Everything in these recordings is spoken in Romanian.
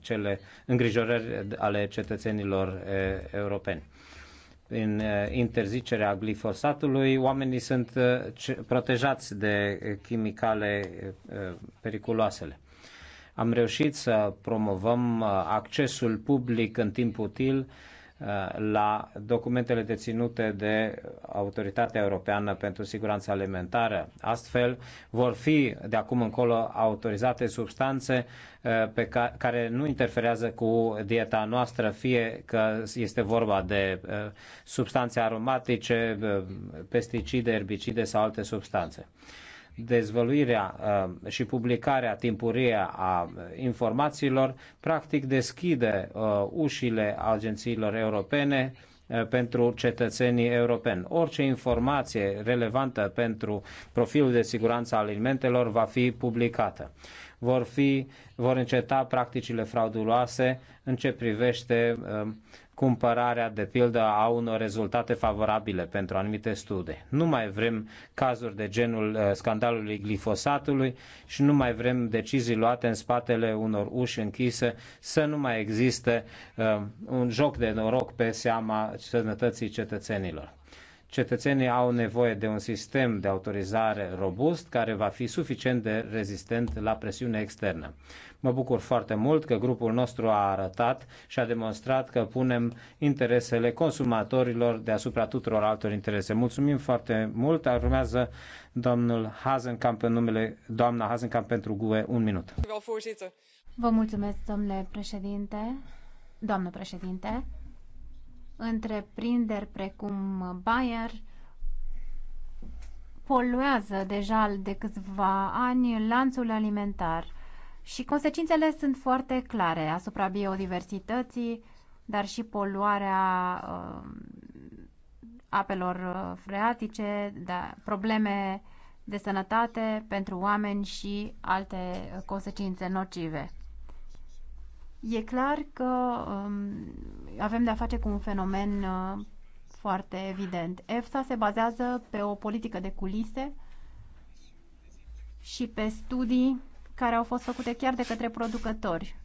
cele îngrijorări ale cetățenilor europeni. Prin interzicerea glifosatului, oamenii sunt protejați de chimicale periculoasele. Am reușit să promovăm accesul public în timp util Uh, la documentele deținute de Autoritatea Europeană pentru Siguranța Alimentară. Astfel, vor fi de acum încolo autorizate substanțe uh, pe care, care nu interferează cu dieta noastră, fie că este vorba de uh, substanțe aromatice, pesticide, erbicide sau alte substanțe dezvăluirea uh, și publicarea timpurie a informațiilor, practic deschide uh, ușile agențiilor europene uh, pentru cetățenii europeni. Orice informație relevantă pentru profilul de siguranță al alimentelor va fi publicată vor, fi, vor înceta practicile frauduloase în ce privește um, cumpărarea, de pildă, a unor rezultate favorabile pentru anumite studii. Nu mai vrem cazuri de genul uh, scandalului glifosatului și nu mai vrem decizii luate în spatele unor uși închise să nu mai existe um, un joc de noroc pe seama sănătății cetățenilor. Cetățenii au nevoie de un sistem de autorizare robust care va fi suficient de rezistent la presiune externă. Mă bucur foarte mult că grupul nostru a arătat și a demonstrat că punem interesele consumatorilor deasupra tuturor altor interese. Mulțumim foarte mult. Urmează domnul Hazencamp în numele, doamna Hazencamp pentru GUE. Un minut. Vă mulțumesc, domnule președinte, doamnă președinte întreprinderi precum Bayer poluează deja de câțiva ani lanțul alimentar și consecințele sunt foarte clare asupra biodiversității, dar și poluarea um, uh, apelor freatice, da, probleme de sănătate pentru oameni și alte uh, consecințe nocive. E clar că um, avem de-a face cu un fenomen uh, foarte evident. EFSA se bazează pe o politică de culise și pe studii care au fost făcute chiar de către producători.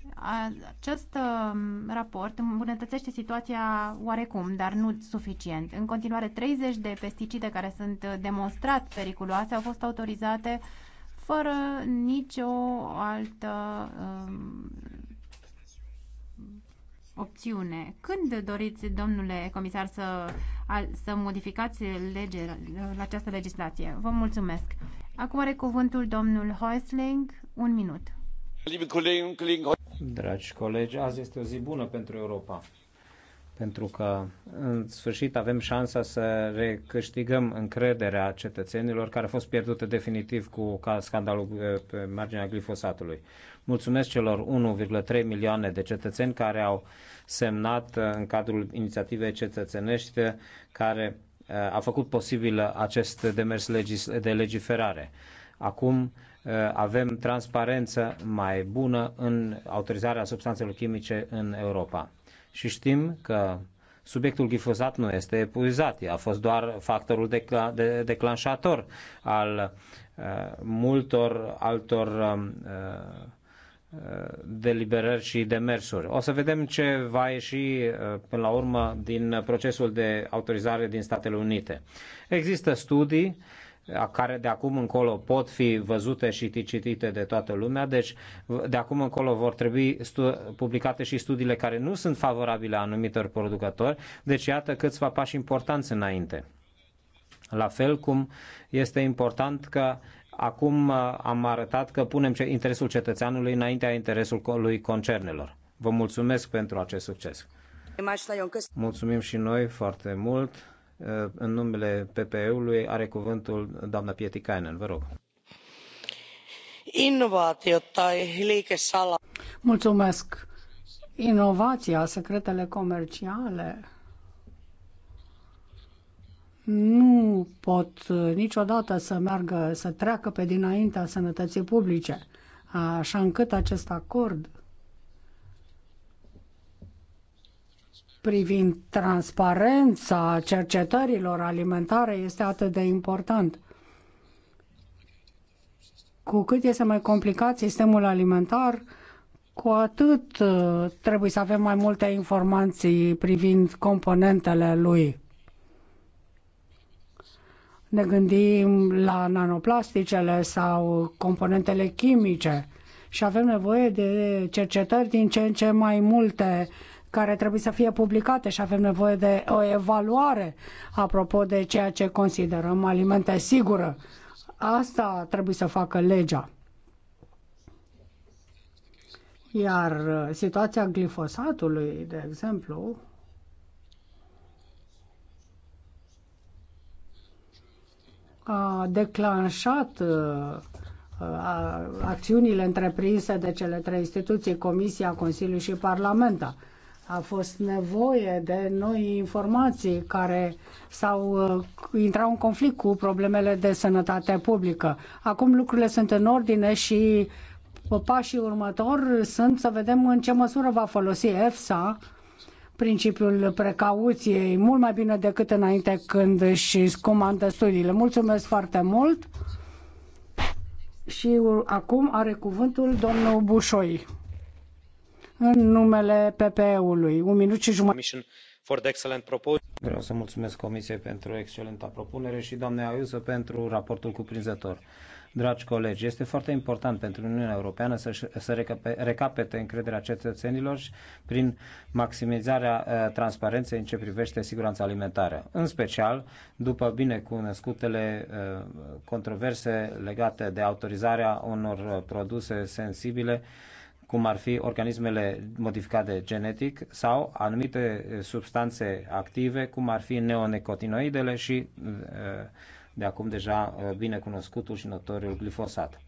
Acest um, raport îmbunătățește situația oarecum, dar nu suficient. În continuare, 30 de pesticide care sunt uh, demonstrat periculoase au fost autorizate fără nicio altă um, opțiune. Când doriți, domnule comisar, să, să modificați lege, la această legislație? Vă mulțumesc. Acum are cuvântul domnul Häusling. Un minut. Dragi colegi, azi este o zi bună pentru Europa pentru că în sfârșit avem șansa să recâștigăm încrederea cetățenilor care a fost pierdută definitiv cu scandalul pe marginea glifosatului. Mulțumesc celor 1,3 milioane de cetățeni care au semnat în cadrul inițiativei cetățenești care uh, a făcut posibil acest demers de legiferare. Acum uh, avem transparență mai bună în autorizarea substanțelor chimice în Europa. Și știm că subiectul glifozat nu este epuizat, a fost doar factorul decla- de- declanșator al uh, multor altor um, uh, deliberări și demersuri. O să vedem ce va ieși uh, până la urmă din procesul de autorizare din Statele Unite. Există studii uh, care de acum încolo pot fi văzute și citite de toată lumea, deci de acum încolo vor trebui publicate și studiile care nu sunt favorabile a anumitor producători, deci iată câțiva pași importanți înainte. La fel cum este important că Acum uh, am arătat că punem interesul cetățeanului înaintea interesului concernelor. Vă mulțumesc pentru acest succes. Mulțumim și noi foarte mult. Uh, în numele PPE-ului are cuvântul doamna Pietikainen. Vă rog. Mulțumesc. Inovația, secretele comerciale, nu pot uh, niciodată să meargă, să treacă pe dinaintea sănătății publice, așa încât acest acord privind transparența cercetărilor alimentare este atât de important. Cu cât este mai complicat sistemul alimentar, cu atât uh, trebuie să avem mai multe informații privind componentele lui. Ne gândim la nanoplasticele sau componentele chimice și avem nevoie de cercetări din ce în ce mai multe care trebuie să fie publicate și avem nevoie de o evaluare apropo de ceea ce considerăm alimente sigură. Asta trebuie să facă legea. Iar uh, situația glifosatului, de exemplu, a declanșat uh, acțiunile întreprinse de cele trei instituții, Comisia, Consiliul și Parlamenta. A fost nevoie de noi informații care s-au uh, intrat în conflict cu problemele de sănătate publică. Acum lucrurile sunt în ordine și pașii următori sunt să vedem în ce măsură va folosi EFSA uh, principiul precauției mult mai bine decât înainte când își comandă studiile. Mulțumesc foarte mult! Și acum are cuvântul domnul Bușoi în numele PPE-ului. Un minut și jumătate. Vreau să mulțumesc Comisiei pentru excelenta propunere și doamnei Ayuso pentru raportul cuprinzător. Dragi colegi, este foarte important pentru Uniunea Europeană să, să recapete încrederea cetățenilor prin maximizarea uh, transparenței în ce privește siguranța alimentară. În special, după binecunoscutele uh, controverse legate de autorizarea unor uh, produse sensibile, cum ar fi organismele modificate genetic sau anumite substanțe active, cum ar fi neonicotinoidele și uh, de acum deja uh, bine cunoscutul și notoriul glifosat.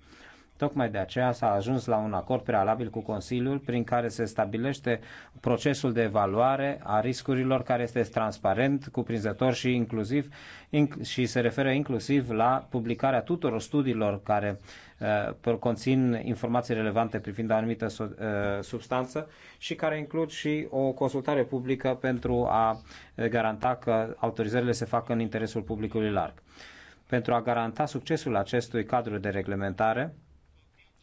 Tocmai de aceea s-a ajuns la un acord prealabil cu Consiliul prin care se stabilește procesul de evaluare a riscurilor care este transparent, cuprinzător și inclusiv inc- și se referă inclusiv la publicarea tuturor studiilor care uh, conțin informații relevante privind o anumită so- uh, substanță și care includ și o consultare publică pentru a uh, garanta că autorizările se fac în interesul publicului larg. Pentru a garanta succesul acestui cadru de reglementare,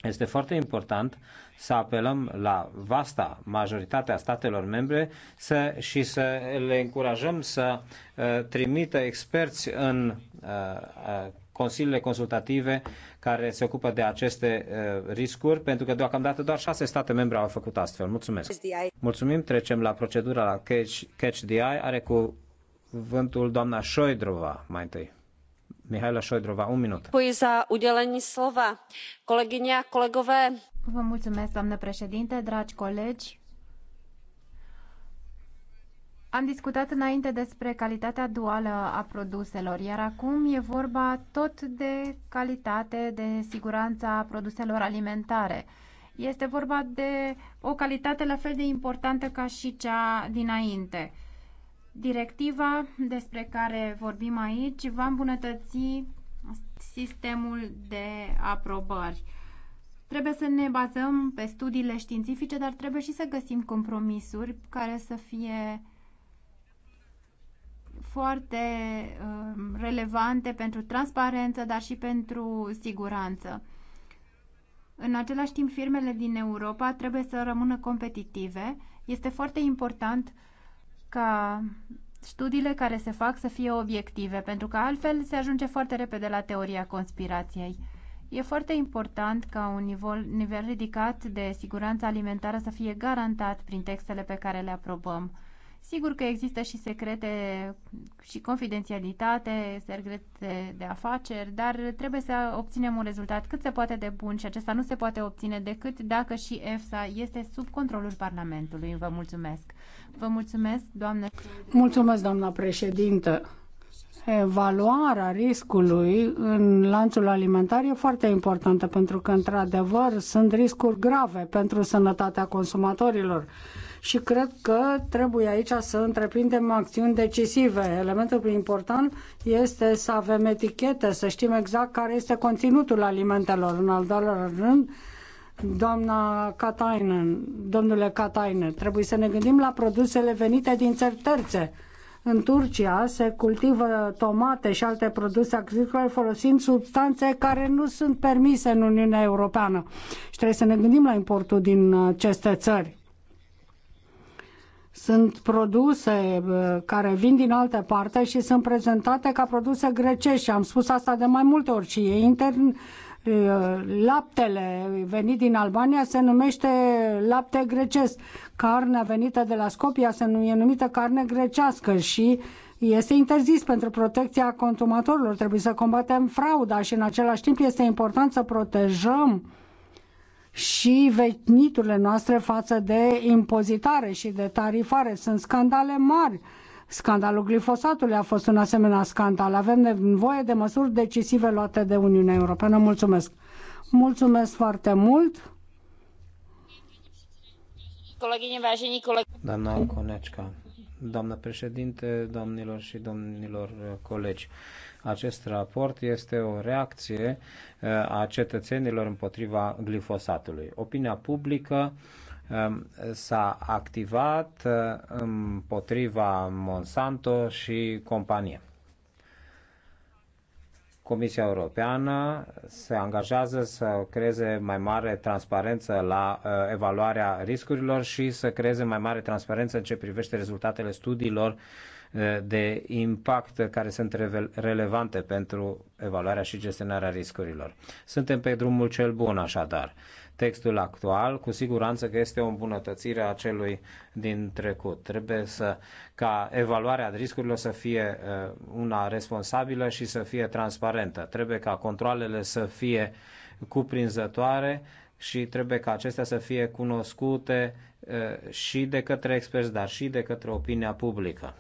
este foarte important să apelăm la vasta majoritatea statelor membre să, și să le încurajăm să uh, trimită experți în uh, uh, consiliile consultative care se ocupă de aceste uh, riscuri, pentru că deocamdată doar șase state membre au făcut astfel. Mulțumesc! Mulțumim, trecem la procedura la Catch, catch the Eye. Are cuvântul doamna Șoidrova mai întâi. Mihaela Șoidrova, un minut. Pui za udělení slova. Kolegyně a kolegové. Vă mulțumesc, doamnă președinte, dragi colegi. Am discutat înainte despre calitatea duală a produselor, iar acum e vorba tot de calitate, de siguranța produselor alimentare. Este vorba de o calitate la fel de importantă ca și cea dinainte. Directiva despre care vorbim aici va îmbunătăți sistemul de aprobări. Trebuie să ne bazăm pe studiile științifice, dar trebuie și să găsim compromisuri care să fie foarte um, relevante pentru transparență, dar și pentru siguranță. În același timp, firmele din Europa trebuie să rămână competitive. Este foarte important ca studiile care se fac să fie obiective, pentru că altfel se ajunge foarte repede la teoria conspirației. E foarte important ca un nivel, nivel ridicat de siguranță alimentară să fie garantat prin textele pe care le aprobăm. Sigur că există și secrete și confidențialitate, secrete de afaceri, dar trebuie să obținem un rezultat cât se poate de bun și acesta nu se poate obține decât dacă și EFSA este sub controlul Parlamentului. Vă mulțumesc. Vă mulțumesc, doamnă. Mulțumesc, doamna președintă. Evaluarea riscului în lanțul alimentar e foarte importantă pentru că, într-adevăr, sunt riscuri grave pentru sănătatea consumatorilor și cred că trebuie aici să întreprindem acțiuni decisive. Elementul important este să avem etichete, să știm exact care este conținutul alimentelor. În al doilea rând, doamna Katainen, domnule Katainen, trebuie să ne gândim la produsele venite din țări terțe. În Turcia se cultivă tomate și alte produse agricole folosind substanțe care nu sunt permise în Uniunea Europeană. Și trebuie să ne gândim la importul din aceste țări. Sunt produse care vin din alte parte și sunt prezentate ca produse grecești și am spus asta de mai multe ori și e intern laptele venit din Albania se numește lapte grecesc. Carnea venită de la Scopia se e numită carne grecească și este interzis pentru protecția consumatorilor. Trebuie să combatem frauda și în același timp este important să protejăm și veniturile noastre față de impozitare și de tarifare. Sunt scandale mari. Scandalul glifosatului a fost un asemenea scandal. Avem nevoie de măsuri decisive luate de Uniunea Europeană. Mulțumesc! Mulțumesc foarte mult! Colegine, vážení colegi... Doamna Conecica, doamnă președinte, doamnilor și domnilor colegi, acest raport este o reacție uh, a cetățenilor împotriva glifosatului. Opinia publică um, s-a activat uh, împotriva Monsanto și companie. Comisia Europeană se angajează să creeze mai mare transparență la uh, evaluarea riscurilor și să creeze mai mare transparență în ce privește rezultatele studiilor Eh, de impact care sunt relevante pentru evaluarea și gestionarea riscurilor. Suntem pe drumul cel bun, așadar. Textul actual, cu siguranță că este o îmbunătățire a celui din trecut. Trebuie să, ca evaluarea riscurilor să fie eh, una responsabilă și să fie transparentă. Trebuie ca controlele să fie cuprinzătoare și trebuie ca acestea să fie cunoscute eh, și de către experți, dar și de către opinia publică.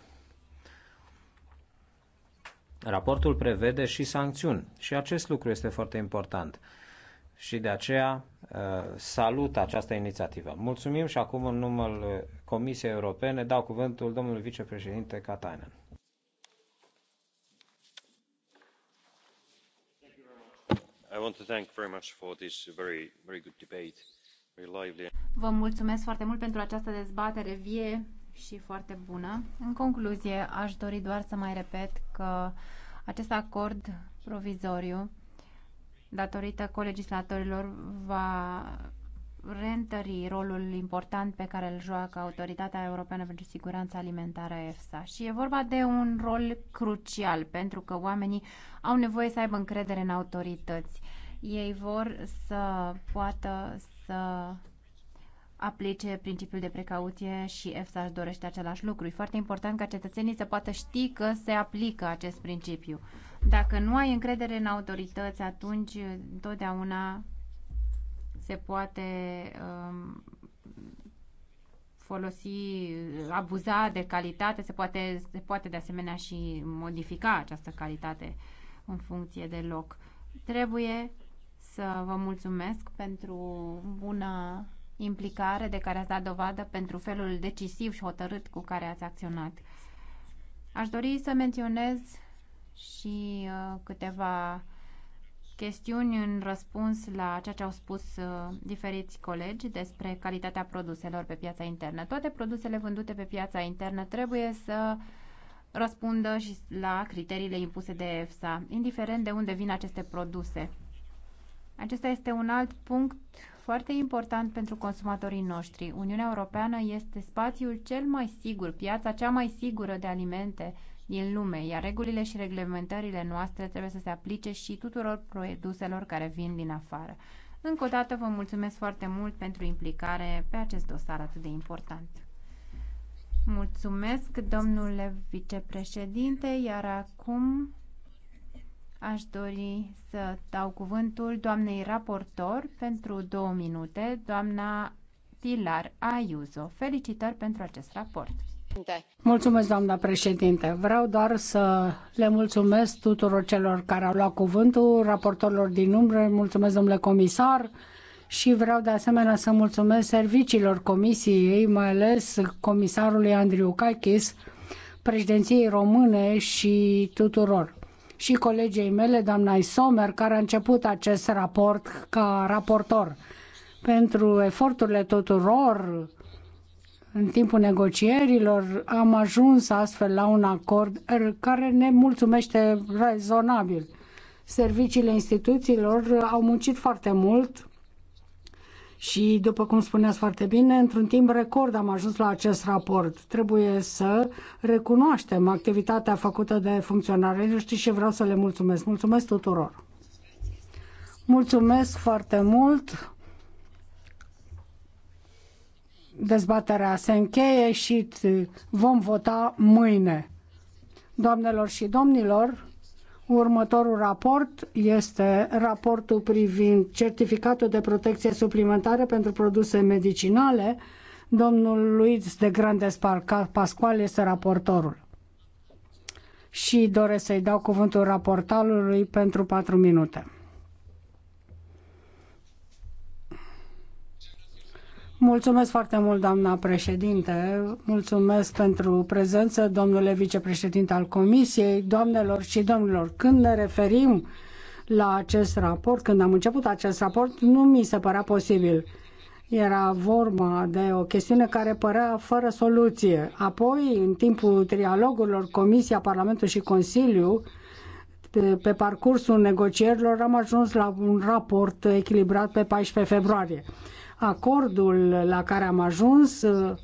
Raportul prevede și sancțiuni și acest lucru este foarte important și de aceea uh, salut această inițiativă. Mulțumim și acum în numele Comisiei Europene dau cuvântul domnului vicepreședinte Katainen. Vă mulțumesc foarte mult pentru această dezbatere vie și foarte bună. În concluzie, aș dori doar să mai repet că acest acord provizoriu, datorită colegislatorilor, va reîntări rolul important pe care îl joacă Autoritatea Europeană pentru Siguranța Alimentară EFSA. Și e vorba de un rol crucial, pentru că oamenii au nevoie să aibă încredere în autorități. Ei vor să poată să aplice principiul de precauție și EFSA își dorește același lucru. E foarte important ca cetățenii să poată ști că se aplică acest principiu. Dacă nu ai încredere în autorități, atunci întotdeauna se poate um, folosi, abuza de calitate, se poate, se poate de asemenea și modifica această calitate în funcție de loc. Trebuie să vă mulțumesc pentru bună implicare de care ați dat dovadă pentru felul decisiv și hotărât cu care ați acționat. Aș dori să menționez și uh, câteva chestiuni în răspuns la ceea ce au spus uh, diferiți colegi despre calitatea produselor pe piața internă. Toate produsele vândute pe piața internă trebuie să răspundă și la criteriile impuse de EFSA, indiferent de unde vin aceste produse. Acesta este un alt punct foarte important pentru consumatorii noștri. Uniunea Europeană este spațiul cel mai sigur, piața cea mai sigură de alimente din lume, iar regulile și reglementările noastre trebuie să se aplice și tuturor produselor care vin din afară. Încă o dată vă mulțumesc foarte mult pentru implicare pe acest dosar atât de important. Mulțumesc, domnule vicepreședinte, iar acum Aș dori să dau cuvântul doamnei raportor pentru două minute, doamna Pilar Ayuso. Felicitări pentru acest raport. Mulțumesc, doamna președinte. Vreau doar să le mulțumesc tuturor celor care au luat cuvântul, raportorilor din umbră, mulțumesc, domnule comisar, și vreau de asemenea să mulțumesc serviciilor comisiei, mai ales comisarului Andriu Cachis, președinției române și tuturor și colegei mele, doamna Somer, care a început acest raport ca raportor. Pentru eforturile tuturor în timpul negocierilor am ajuns astfel la un acord care ne mulțumește rezonabil. Serviciile instituțiilor au muncit foarte mult și, după cum spuneați foarte bine, într-un timp record am ajuns la acest raport. Trebuie să recunoaștem activitatea făcută de funcționarii Știți și vreau să le mulțumesc. Mulțumesc tuturor! Mulțumesc foarte mult! Dezbaterea se încheie și vom vota mâine. Doamnelor și domnilor, Următorul raport este raportul privind certificatul de protecție suplimentară pentru produse medicinale. Domnul Luis de Grandes Pascual este raportorul. Și doresc să-i dau cuvântul raportalului pentru patru minute. Mulțumesc foarte mult, doamna președinte. Mulțumesc pentru prezență, domnule vicepreședinte al Comisiei, doamnelor și domnilor. Când ne referim la acest raport, când am început acest raport, nu mi se părea posibil. Era vorba de o chestiune care părea fără soluție. Apoi, în timpul trialogurilor, Comisia, Parlamentul și Consiliu, pe parcursul negocierilor, am ajuns la un raport echilibrat pe 14 februarie. Acordul la care am ajuns uh,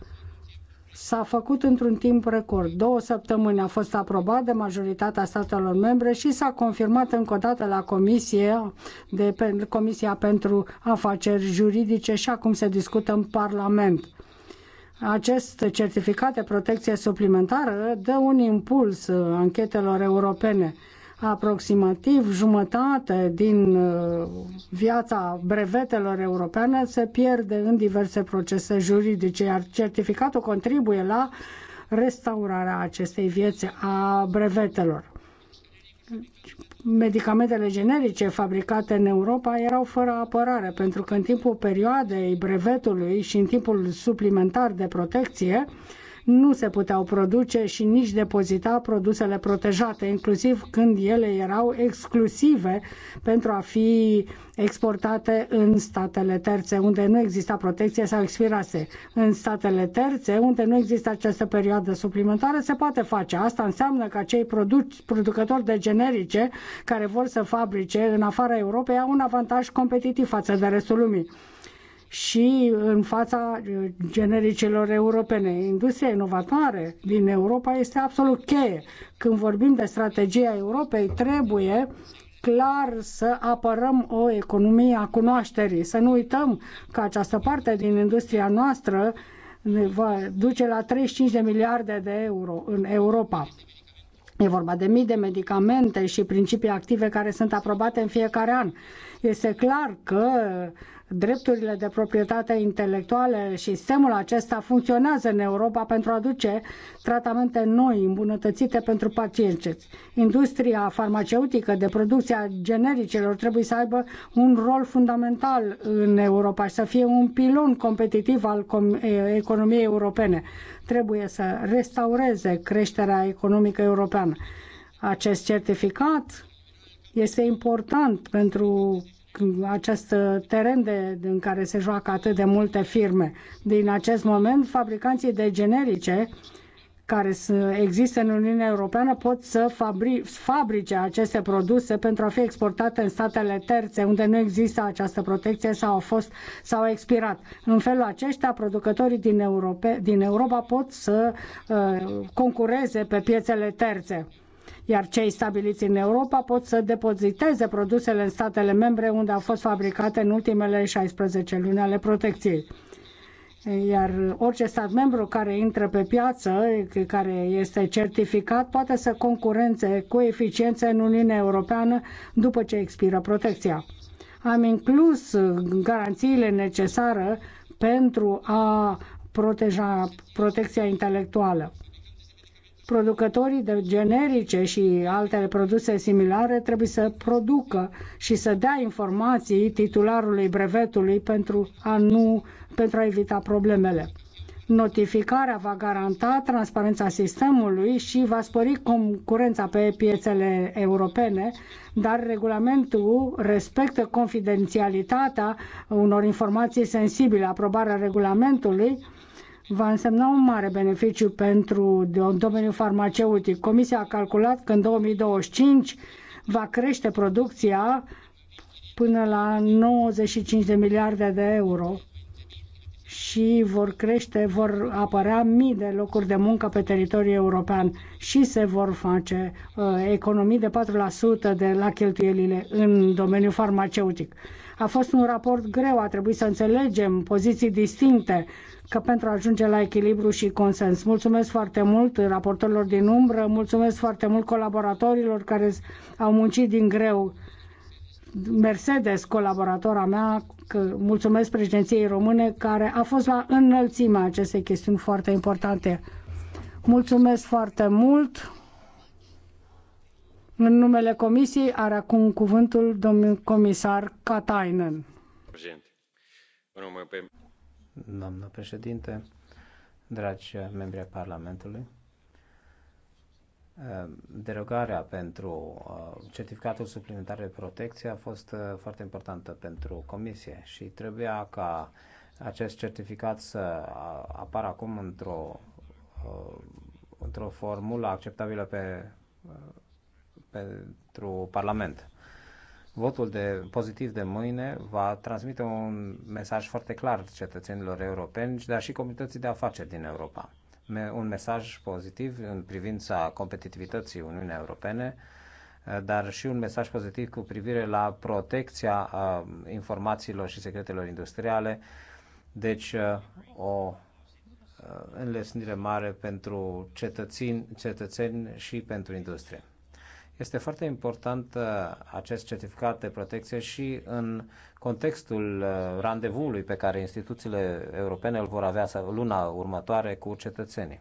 s-a făcut într-un timp record. Două săptămâni a fost aprobat de majoritatea statelor membre și s-a confirmat încă o dată la comisie de, pe, Comisia pentru Afaceri Juridice și acum se discută în Parlament. Acest certificat de protecție suplimentară dă un impuls uh, anchetelor europene Aproximativ jumătate din uh, viața brevetelor europene se pierde în diverse procese juridice, iar certificatul contribuie la restaurarea acestei vieți a brevetelor medicamentele generice fabricate în Europa erau fără apărare, pentru că în timpul perioadei brevetului și în timpul suplimentar de protecție, nu se puteau produce și nici depozita produsele protejate, inclusiv când ele erau exclusive pentru a fi exportate în statele terțe, unde nu exista protecție sau expirase. În statele terțe, unde nu există această perioadă suplimentară, se poate face. Asta înseamnă că cei producători de generice care vor să fabrice în afara Europei au un avantaj competitiv față de restul lumii și în fața uh, genericilor europene. Industria inovatoare din Europa este absolut cheie. Când vorbim de strategia Europei, trebuie clar să apărăm o economie a cunoașterii. Să nu uităm că această parte din industria noastră va duce la 35 de miliarde de euro în Europa. E vorba de mii de medicamente și principii active care sunt aprobate în fiecare an. Este clar că drepturile de proprietate intelectuală și sistemul acesta funcționează în Europa pentru a aduce tratamente noi, îmbunătățite pentru pacienți. Industria farmaceutică de a genericelor trebuie să aibă un rol fundamental în Europa și să fie un pilon competitiv al economiei europene. Trebuie să restaureze creșterea economică europeană. Acest certificat este important pentru acest teren de, în care se joacă atât de multe firme. Din acest moment, fabricanții de generice care există în Uniunea Europeană pot să fabri, fabrice aceste produse pentru a fi exportate în statele terțe unde nu există această protecție sau a fost sau a expirat. În felul acesta, producătorii din, Europe, din Europa pot să uh, concureze pe piețele terțe iar cei stabiliți în Europa pot să depoziteze produsele în statele membre unde au fost fabricate în ultimele 16 luni ale protecției. Iar orice stat membru care intră pe piață, care este certificat, poate să concureze cu eficiență în Uniunea Europeană după ce expiră protecția. Am inclus garanțiile necesare pentru a proteja protecția intelectuală producătorii de generice și alte produse similare trebuie să producă și să dea informații titularului brevetului pentru a, nu, pentru a evita problemele. Notificarea va garanta transparența sistemului și va spori concurența pe piețele europene, dar regulamentul respectă confidențialitatea unor informații sensibile. Aprobarea regulamentului va însemna un mare beneficiu pentru domeniul farmaceutic. Comisia a calculat că în 2025 va crește producția până la 95 de miliarde de euro și vor crește, vor apărea mii de locuri de muncă pe teritoriul european și se vor face uh, economii de 4% de la cheltuielile în domeniul farmaceutic. A fost un raport greu, a trebuit să înțelegem poziții distincte că pentru a ajunge la echilibru și consens. Mulțumesc foarte mult raportorilor din umbră, mulțumesc foarte mult colaboratorilor care au muncit din greu. Mercedes, colaboratora mea, că mulțumesc președinției române care a fost la înălțimea acestei chestiuni foarte importante. Mulțumesc foarte mult. În numele Comisiei are acum cuvântul domnul comisar Katainen. Președinte, doamnă președinte, dragi membri ai Parlamentului. Eh, derogarea pentru eh, certificatul suplimentar de protecție a fost eh, foarte importantă pentru Comisie și trebuia ca acest certificat să apară acum într-o într-o formulă acceptabilă pe, pentru Parlament. Votul de pozitiv de mâine va transmite un mesaj foarte clar cetățenilor europeni, dar și comunității de afaceri din Europa. Un mesaj pozitiv în privința competitivității Uniunii Europene, dar și un mesaj pozitiv cu privire la protecția informațiilor și secretelor industriale. Deci, o înlesnire mare pentru cetățeni, cetățeni și pentru industrie. Este foarte important uh, acest certificat de protecție și în contextul uh, randevului pe care instituțiile europene îl vor avea luna următoare cu cetățenii.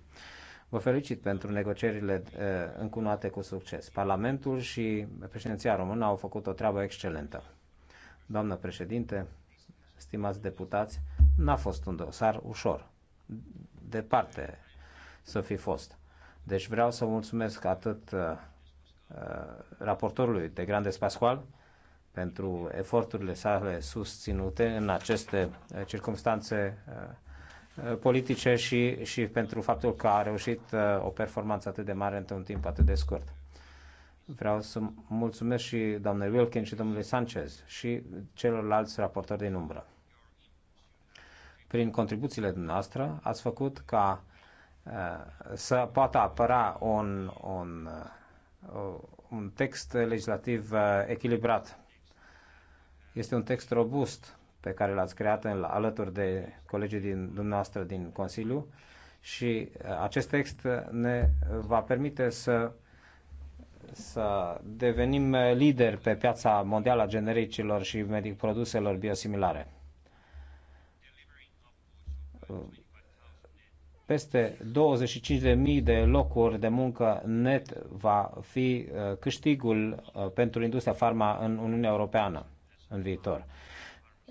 Vă felicit pentru negocierile uh, încunate cu succes. Parlamentul și președinția română au făcut o treabă excelentă. Doamnă președinte, stimați deputați, n-a fost un dosar ușor. Departe să fi fost. Deci vreau să mulțumesc atât Uh, raportorului de grande Pascual pentru eforturile sale susținute în aceste uh, circunstanțe uh, politice și, și pentru faptul că a reușit o performanță atât de mare într-un timp atât de scurt. Vreau să mulțumesc și doamnei Wilkin și domnului Sanchez și celorlalți raportori din umbră. Prin contribuțiile dumneavoastră ați făcut ca să poată apăra un, un Uh, un text legislativ uh, echilibrat. Este un text robust pe care l-ați creat alături de colegii din dumneavoastră din Consiliu și uh, acest text ne va permite să, să devenim lideri pe piața mondială a genericilor și medic produselor biosimilare peste 25.000 de locuri de muncă net va fi uh, câștigul uh, pentru industria farma în Uniunea Europeană în viitor.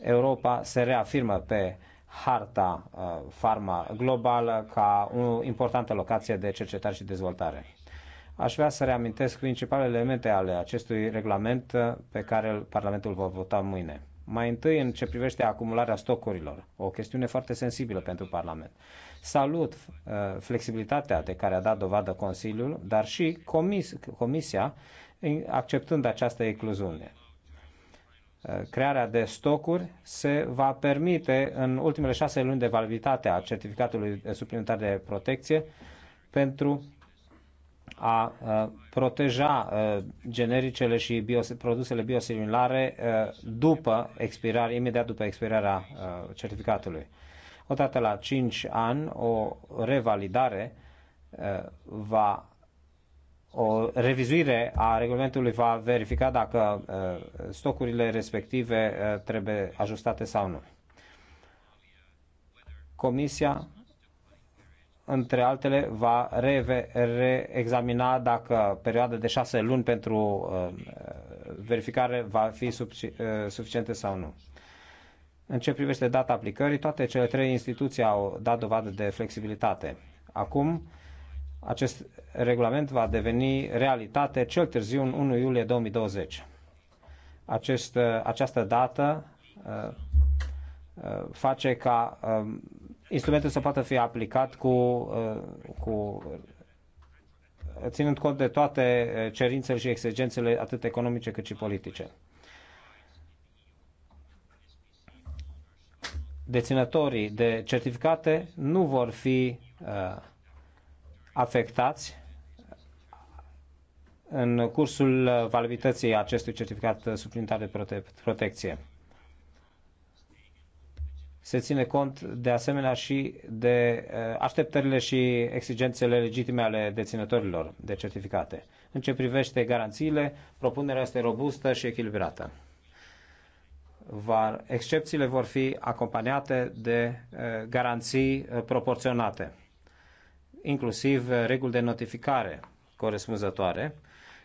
Europa se reafirmă pe harta uh, farma globală ca o importantă locație de cercetare și dezvoltare. Aș vrea să reamintesc principalele elemente ale acestui regulament pe care Parlamentul va vota mâine. Mai întâi, în ce privește acumularea stocurilor, o chestiune foarte sensibilă pentru Parlament. Salut uh, flexibilitatea de care a dat dovadă Consiliul, dar și comis, Comisia acceptând această ecluziune. Uh, crearea de stocuri se va permite în ultimele șase luni de validitate a certificatului suplimentar de protecție pentru a uh, proteja genericele și produsele biosimilare după expirare, imediat după expirarea certificatului. Odată la 5 ani, o revalidare uh, va o revizuire a regulamentului va verifica dacă uh, stocurile respective uh, trebuie ajustate sau nu. Comisia, între altele, va reexamina re dacă perioada de șase luni pentru verificare va fi suficientă sau nu. În ce privește data aplicării, toate cele trei instituții au dat dovadă de flexibilitate. Acum, acest regulament va deveni realitate cel târziu în 1 iulie 2020. Acest, uh, această dată uh, uh, face ca um, instrumentul să poată fi aplicat cu, cu ținând cont de toate cerințele și exigențele atât economice cât și politice. deținătorii de certificate nu vor fi uh, afectați uh, în cursul uh, validității acestui certificat suplimentar de prote- protecție. Se ține cont de asemenea și de așteptările și exigențele legitime ale deținătorilor de certificate. În ce privește garanțiile, propunerea este robustă și echilibrată var, excepțiile vor fi acompaniate de eh, garanții eh, proporționate, inclusiv eh, reguli de notificare corespunzătoare,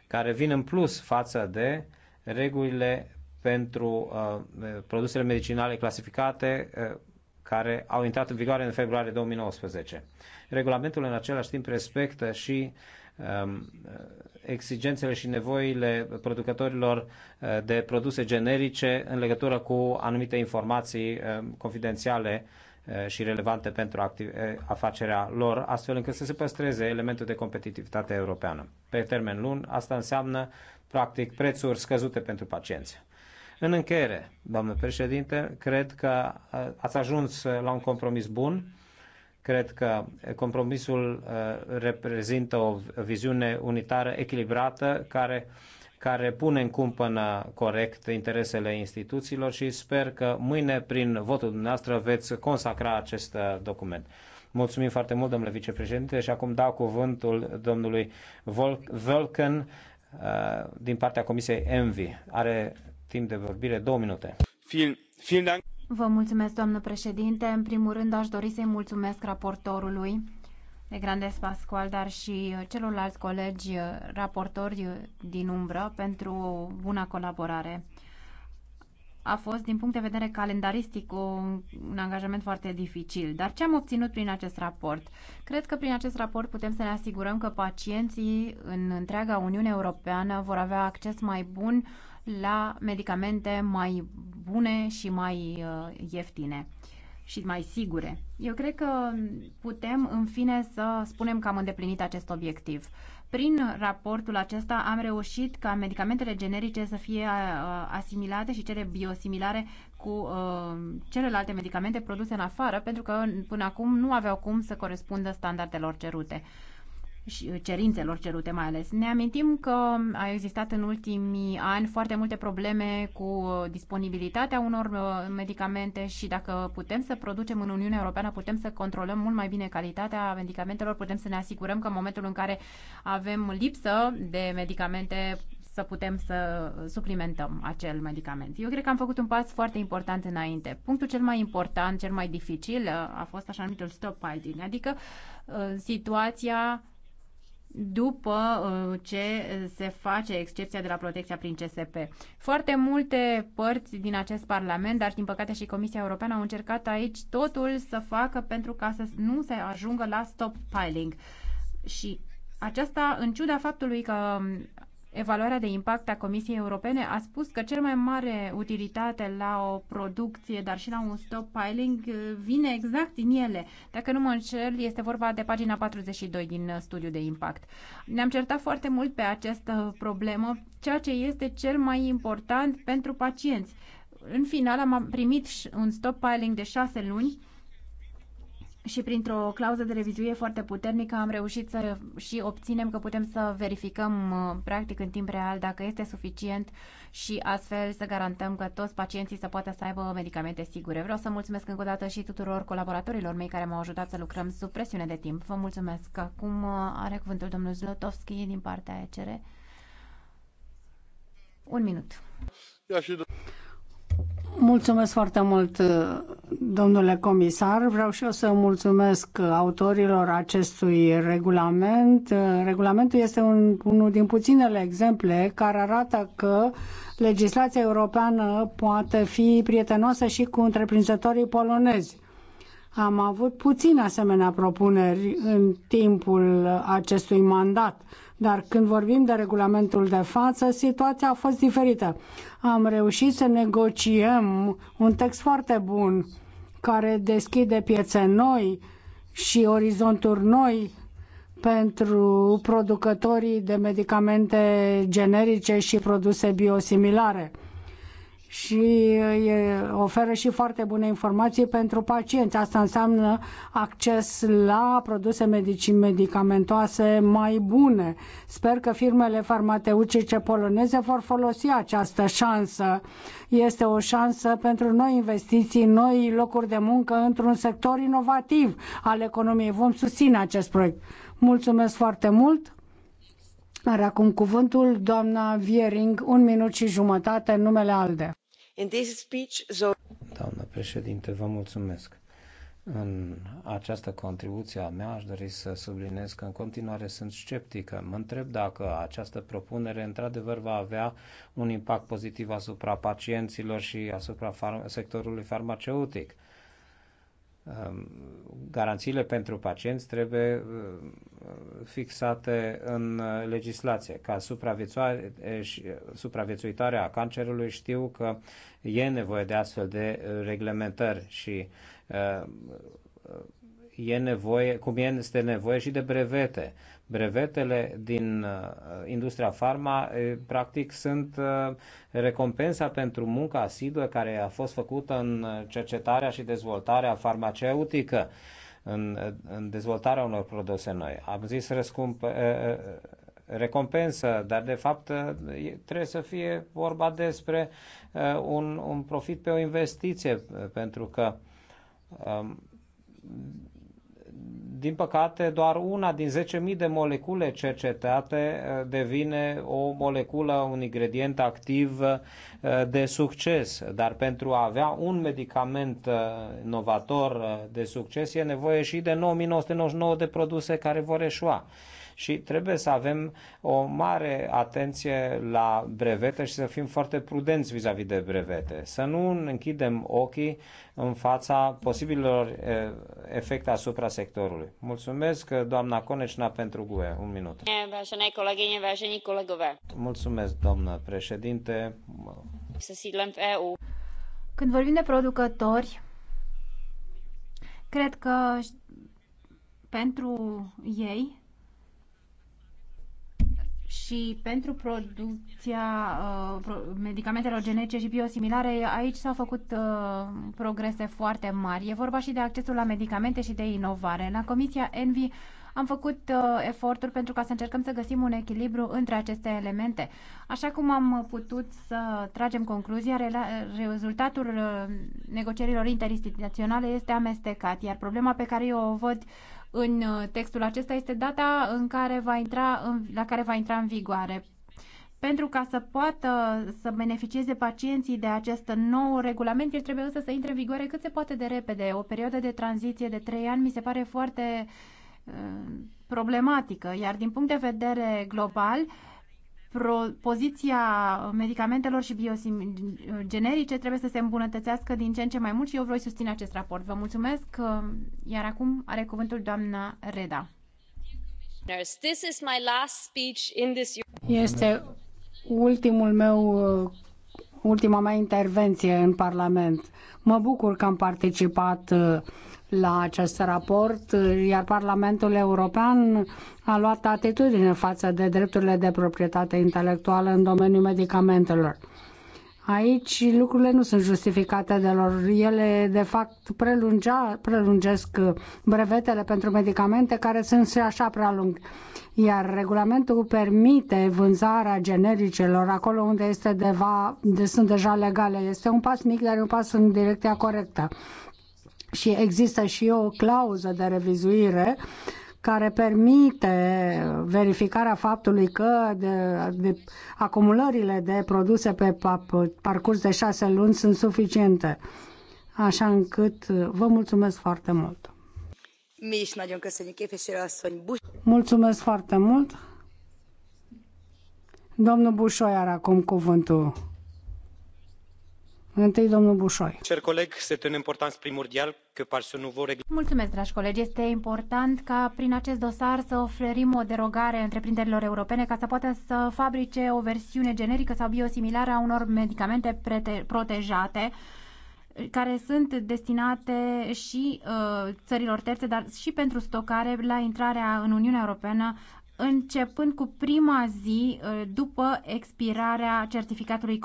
care vin în plus față de regulile pentru uh, produsele medicinale clasificate uh, care au intrat în vigoare în februarie 2019. Regulamentul în același timp respectă și Um, exigențele și nevoile producătorilor uh, de produse generice în legătură cu anumite informații um, confidențiale uh, și relevante pentru uh, afacerea lor, astfel încât să se păstreze elementul de competitivitate europeană. Pe termen lung, asta înseamnă, practic, prețuri scăzute pentru pacienți. În încheiere, doamnă președinte, cred că ați ajuns la un compromis bun Cred că compromisul uh, reprezintă o viziune unitară echilibrată care care pune în cumpănă corect interesele instituțiilor și sper că mâine, prin votul dumneavoastră, veți consacra acest uh, document. Mulțumim foarte mult, domnule vicepreședinte, și acum dau cuvântul domnului Volken uh, din partea Comisiei Envi. Are timp de vorbire două minute. Vielen, vielen Dank. Vă mulțumesc, doamnă președinte. În primul rând, aș dori să-i mulțumesc raportorului de Grandes Pascual, dar și celorlalți colegi raportori din umbră pentru buna colaborare. A fost, din punct de vedere calendaristic, un, un angajament foarte dificil. Dar ce am obținut prin acest raport? Cred că prin acest raport putem să ne asigurăm că pacienții în întreaga Uniune Europeană vor avea acces mai bun uh, la medicamente mai bune și mai uh, ieftine și mai sigure. Eu cred că putem, în fine, să spunem că am îndeplinit acest obiectiv. Prin raportul acesta am reușit ca medicamentele generice să fie uh, asimilate și cele biosimilare cu uh, celelalte medicamente produse în afară, pentru că până acum nu aveau cum să corespundă standardelor cerute și uh, cerințelor cerute mai ales. Ne amintim că a existat în ultimii ani foarte multe probleme cu uh, disponibilitatea unor uh, medicamente și dacă putem să producem în Uniunea Europeană, putem să controlăm mult mai bine calitatea medicamentelor, putem să ne asigurăm că în momentul în care avem lipsă de medicamente să putem să suplimentăm acel medicament. Eu cred că am făcut un pas foarte important înainte. Punctul cel mai important, cel mai dificil, a fost așa numitul stockpiling, adică situația după uh, ce se face excepția de la protecția prin CSP. Foarte multe părți din acest Parlament, dar din păcate și Comisia Europeană au încercat aici totul să facă pentru ca să nu se ajungă la piling. Și aceasta în ciuda faptului că Evaluarea de impact a Comisiei Europene a spus că cel mai mare utilitate la o producție, dar și la un stockpiling, uh, vine exact din ele. Dacă nu mă înșel, este vorba de pagina 42 din uh, studiul de impact. Ne-am certat foarte mult pe această problemă, ceea ce este cel mai important pentru pacienți. În final am primit un stockpiling de șase luni și printr-o clauză de revizuire foarte puternică am reușit să și obținem că putem să verificăm uh, practic în timp real dacă este suficient și astfel să garantăm că toți pacienții să poată să aibă medicamente sigure. Vreau să mulțumesc încă o dată și tuturor colaboratorilor mei care m-au ajutat să lucrăm sub presiune de timp. Vă mulțumesc. Acum uh, are cuvântul domnul Zlotovski din partea ECR. Un minut. Mulțumesc foarte mult, domnule comisar. Vreau și eu să mulțumesc autorilor acestui regulament. Regulamentul este un, unul din puținele exemple care arată că legislația europeană poate fi prietenoasă și cu întreprinzătorii polonezi. Am avut puține asemenea propuneri în timpul acestui mandat dar când vorbim de regulamentul de față, situația a fost diferită. Am reușit să negociem un text foarte bun care deschide piețe noi și orizonturi noi pentru producătorii de medicamente generice și produse biosimilare și uh, oferă și foarte bune informații pentru pacienți. Asta înseamnă acces la produse medici medicamentoase mai bune. Sper că firmele farmaceutice poloneze vor folosi această șansă. Este o șansă pentru noi investiții, noi locuri de muncă într-un sector inovativ al economiei. Vom susține acest proiect. Mulțumesc foarte mult! Are acum cuvântul doamna Viering, un minut și jumătate, numele ALDE. Doamnă președinte, vă mulțumesc. În această contribuție a mea aș dori să subliniez că în continuare sunt sceptică. Mă întreb dacă această propunere într-adevăr va avea un impact pozitiv asupra pacienților și asupra far- sectorului farmaceutic Um, garanțiile pentru pacienți trebuie uh, fixate în uh, legislație. Ca uh, supraviețuitoare a cancerului știu că e nevoie de astfel de reglementări și e nevoie, cum este nevoie și de brevete. Brevetele din uh, industria farma, practic, sunt uh, recompensa pentru munca asiduă care a fost făcută în cercetarea și dezvoltarea farmaceutică, în, în dezvoltarea unor produse noi. Am zis răscump, uh, recompensă, dar de fapt trebuie să fie vorba despre un, un profit pe o investiție, pentru că um, din păcate, doar una din 10.000 de molecule cercetate eh, devine o moleculă, un ingredient activ eh, de succes. Dar pentru a avea un medicament eh, inovator de succes e nevoie și de 9.999 de produse care vor eșua și trebuie să avem o mare atenție la brevete și să fim foarte prudenți vis-a-vis -vis de brevete. Să nu închidem ochii în fața posibilor efecte asupra sectorului. Mulțumesc, doamna Conecna, pentru GUE. Un minut. Mulțumesc, doamnă președinte. Să sidlăm pe EU. Când vorbim de producători, cred că pentru ei și pentru producția uh, medicamentelor genetice și biosimilare, aici s-au făcut uh, progrese foarte mari. E vorba și de accesul la medicamente și de inovare. La Comisia Envi am făcut uh, eforturi pentru ca să încercăm să găsim un echilibru între aceste elemente. Așa cum am putut să tragem concluzia, rezultatul uh, negocierilor interinstituționale este amestecat, iar problema pe care eu o văd uh, în uh, textul acesta este data în care va intra în, la care va intra în vigoare. Pentru ca să poată să beneficieze pacienții de acest nou regulament, el trebuie însă să intre în vigoare cât se poate de repede. O perioadă de tranziție de trei ani mi se pare foarte uh, problematică, iar din punct de vedere global, uh, poziția medicamentelor și biogenerice trebuie să se îmbunătățească din ce în ce mai mult și eu voi susține acest raport. Vă mulțumesc, iar acum are cuvântul doamna Reda. Este ultimul meu ultima mea intervenție în Parlament. Mă bucur că am participat la acest raport, iar Parlamentul European a luat atitudine față de drepturile de proprietate intelectuală în domeniul medicamentelor. Aici lucrurile nu sunt justificate de lor. Ele, de fapt, prelungea, prelungesc brevetele pentru medicamente care sunt și așa prea lungi. Iar regulamentul permite vânzarea genericelor acolo unde este deva, de, sunt deja legale. Este un pas mic, dar un pas în direcția corectă și există și o clauză de revizuire care permite verificarea faptului că de, de, acumulările de produse pe parcurs de șase luni sunt suficiente. Așa încât vă mulțumesc foarte mult. Mulțumesc foarte mult. Domnul Bușoi are acum cuvântul. Cer coleg, este un important primordial că Mulțumesc, dragi colegi. Este important ca prin acest dosar să oferim o derogare întreprinderilor europene ca să poată să fabrice o versiune generică sau biosimilară a unor medicamente protejate care sunt destinate și uh, țărilor terțe, dar și pentru stocare la intrarea în Uniunea Europeană începând cu prima zi ă, după expirarea certificatului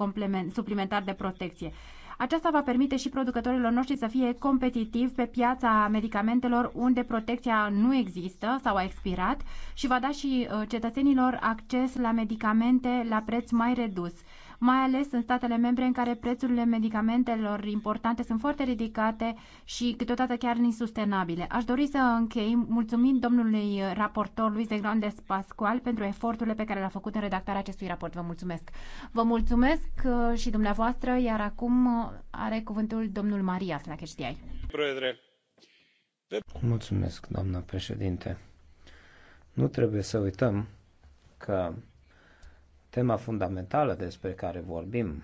suplimentar de protecție. Aceasta va permite și producătorilor noștri să fie competitivi pe piața medicamentelor unde protecția nu există sau a expirat și va da și ă, cetățenilor acces la medicamente la preț mai redus mai ales în statele membre în care prețurile medicamentelor importante sunt foarte ridicate și câteodată chiar insustenabile. Aș dori să închei mulțumind domnului raportor Luis de Grandes Pascual pentru eforturile pe care le-a făcut în redactarea acestui raport. Vă mulțumesc! Vă mulțumesc uh, și dumneavoastră, iar acum uh, are cuvântul domnul Maria la Cheștiai. Mulțumesc, doamnă președinte. Nu trebuie să uităm că Tema fundamentală despre care vorbim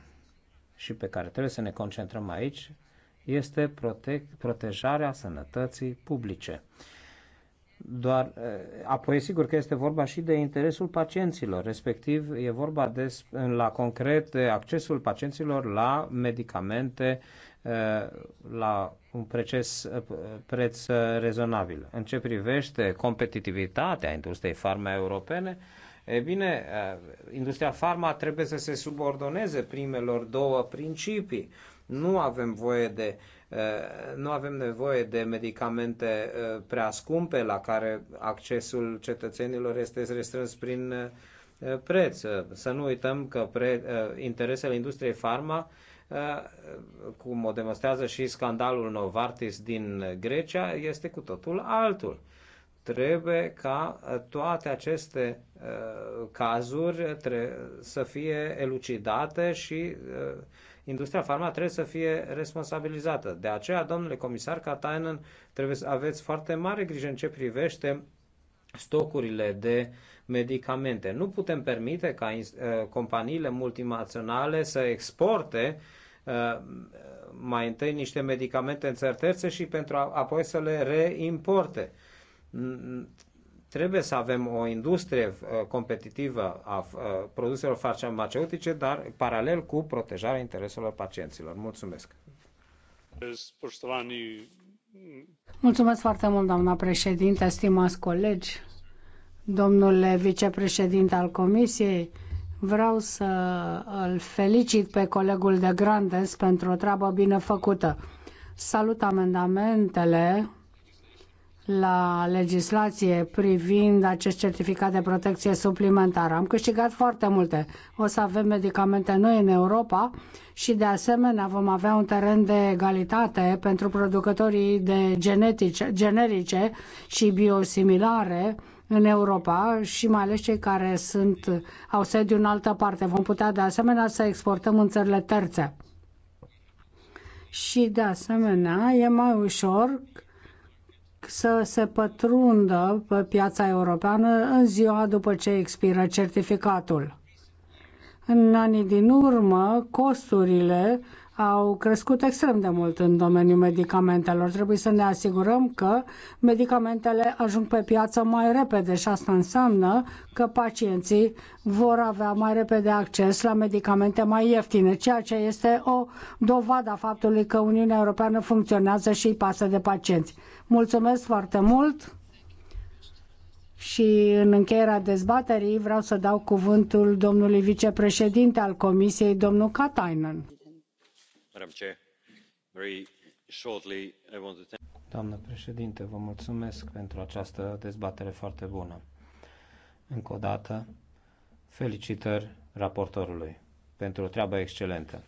și pe care trebuie să ne concentrăm aici este prote- protejarea sănătății publice. Doar, eh, apoi, sigur că este vorba și de interesul pacienților, respectiv e vorba de, la concret, de accesul pacienților la medicamente eh, la un preces, eh, preț rezonabil. În ce privește competitivitatea industriei farme europene, E bine, industria farma trebuie să se subordoneze primelor două principii. Nu avem voie de nu avem nevoie de medicamente prea scumpe la care accesul cetățenilor este restrâns prin preț. Să nu uităm că pre, interesele industriei farma, cum o demonstrează și scandalul Novartis din Grecia, este cu totul altul. Trebuie ca uh, toate aceste uh, cazuri să fie elucidate și uh, industria farma trebuie să fie responsabilizată. De aceea, domnule comisar Katainen, trebuie să aveți foarte mare grijă în ce privește stocurile de medicamente. Nu putem permite ca companiile multinaționale să exporte mai întâi niște medicamente în țări terțe și pentru a, apoi să le reimporte trebuie să avem o industrie uh, competitivă a uh, produselor farmaceutice, dar paralel cu protejarea intereselor pacienților. Mulțumesc! Mulțumesc foarte mult, doamna președinte, stimați colegi, domnule vicepreședinte al Comisiei. Vreau să îl felicit pe colegul de Grandes pentru o treabă bine făcută. Salut amendamentele la legislație privind acest certificat de protecție suplimentară. Am câștigat foarte multe. O să avem medicamente noi în Europa și de asemenea vom avea un teren de egalitate pentru producătorii de genetice, generice și biosimilare în Europa și mai ales cei care sunt, au sediu în altă parte. Vom putea de asemenea să exportăm în țările terțe. Și de asemenea e mai ușor să se pătrundă pe piața europeană în ziua după ce expiră certificatul. În anii din urmă, costurile au crescut extrem de mult în domeniul medicamentelor. Trebuie să ne asigurăm că medicamentele ajung pe piață mai repede și asta înseamnă că pacienții vor avea mai repede acces la medicamente mai ieftine, ceea ce este o dovadă a faptului că Uniunea Europeană funcționează și îi pasă de pacienți. Mulțumesc foarte mult! Și în încheierea dezbaterii vreau să dau cuvântul domnului vicepreședinte al Comisiei, domnul Katainen. Doamnă președinte, vă mulțumesc pentru această dezbatere foarte bună. Încă o dată, felicitări raportorului pentru o treabă excelentă.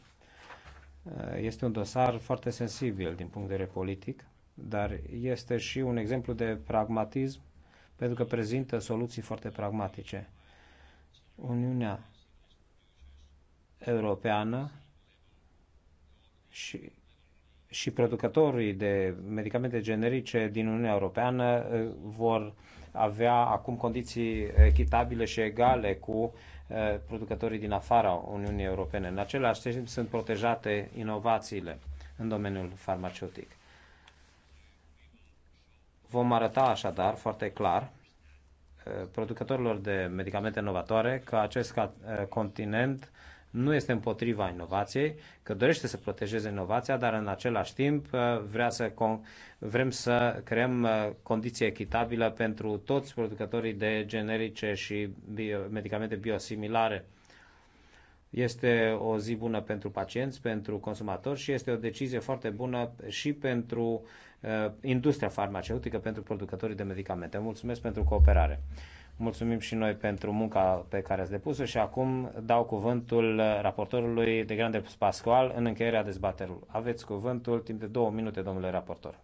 Este un dosar foarte sensibil din punct de vedere politic, dar este și un exemplu de pragmatism pentru că prezintă soluții foarte pragmatice. Uniunea Europeană și, și producătorii de medicamente generice din Uniunea Europeană eh, vor avea acum condiții echitabile și egale cu eh, producătorii din afara Uniunii Europene. În același timp sunt protejate inovațiile în domeniul farmaceutic. Vom arăta așadar foarte clar eh, producătorilor de medicamente novatoare că acest continent nu este împotriva inovației, că dorește să protejeze inovația, dar în același timp uh, vrea să, vrem să creăm uh, condiții echitabile pentru toți producătorii de generice și bio, medicamente biosimilare. Este o zi bună pentru pacienți, pentru consumatori și este o decizie foarte bună și pentru uh, industria farmaceutică, pentru producătorii de medicamente. Mulțumesc pentru cooperare. Mulțumim și noi pentru munca pe care ați depus-o și acum dau cuvântul raportorului de grande Pascual în încheierea dezbaterului. Aveți cuvântul timp de două minute, domnule raportor.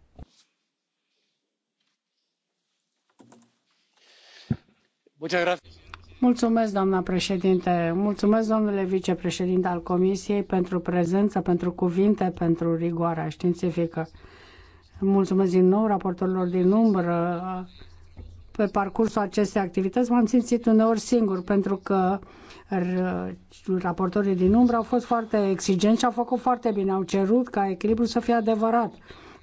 Mulțumesc, doamna președinte. Mulțumesc, domnule vicepreședinte al Comisiei, pentru prezență, pentru cuvinte, pentru rigoarea științifică. Mulțumesc din nou raportorilor din umbră pe parcursul acestei activități m-am simțit uneori singur pentru că raportorii din umbră au fost foarte exigenți și au făcut foarte bine. Au cerut ca echilibrul să fie adevărat.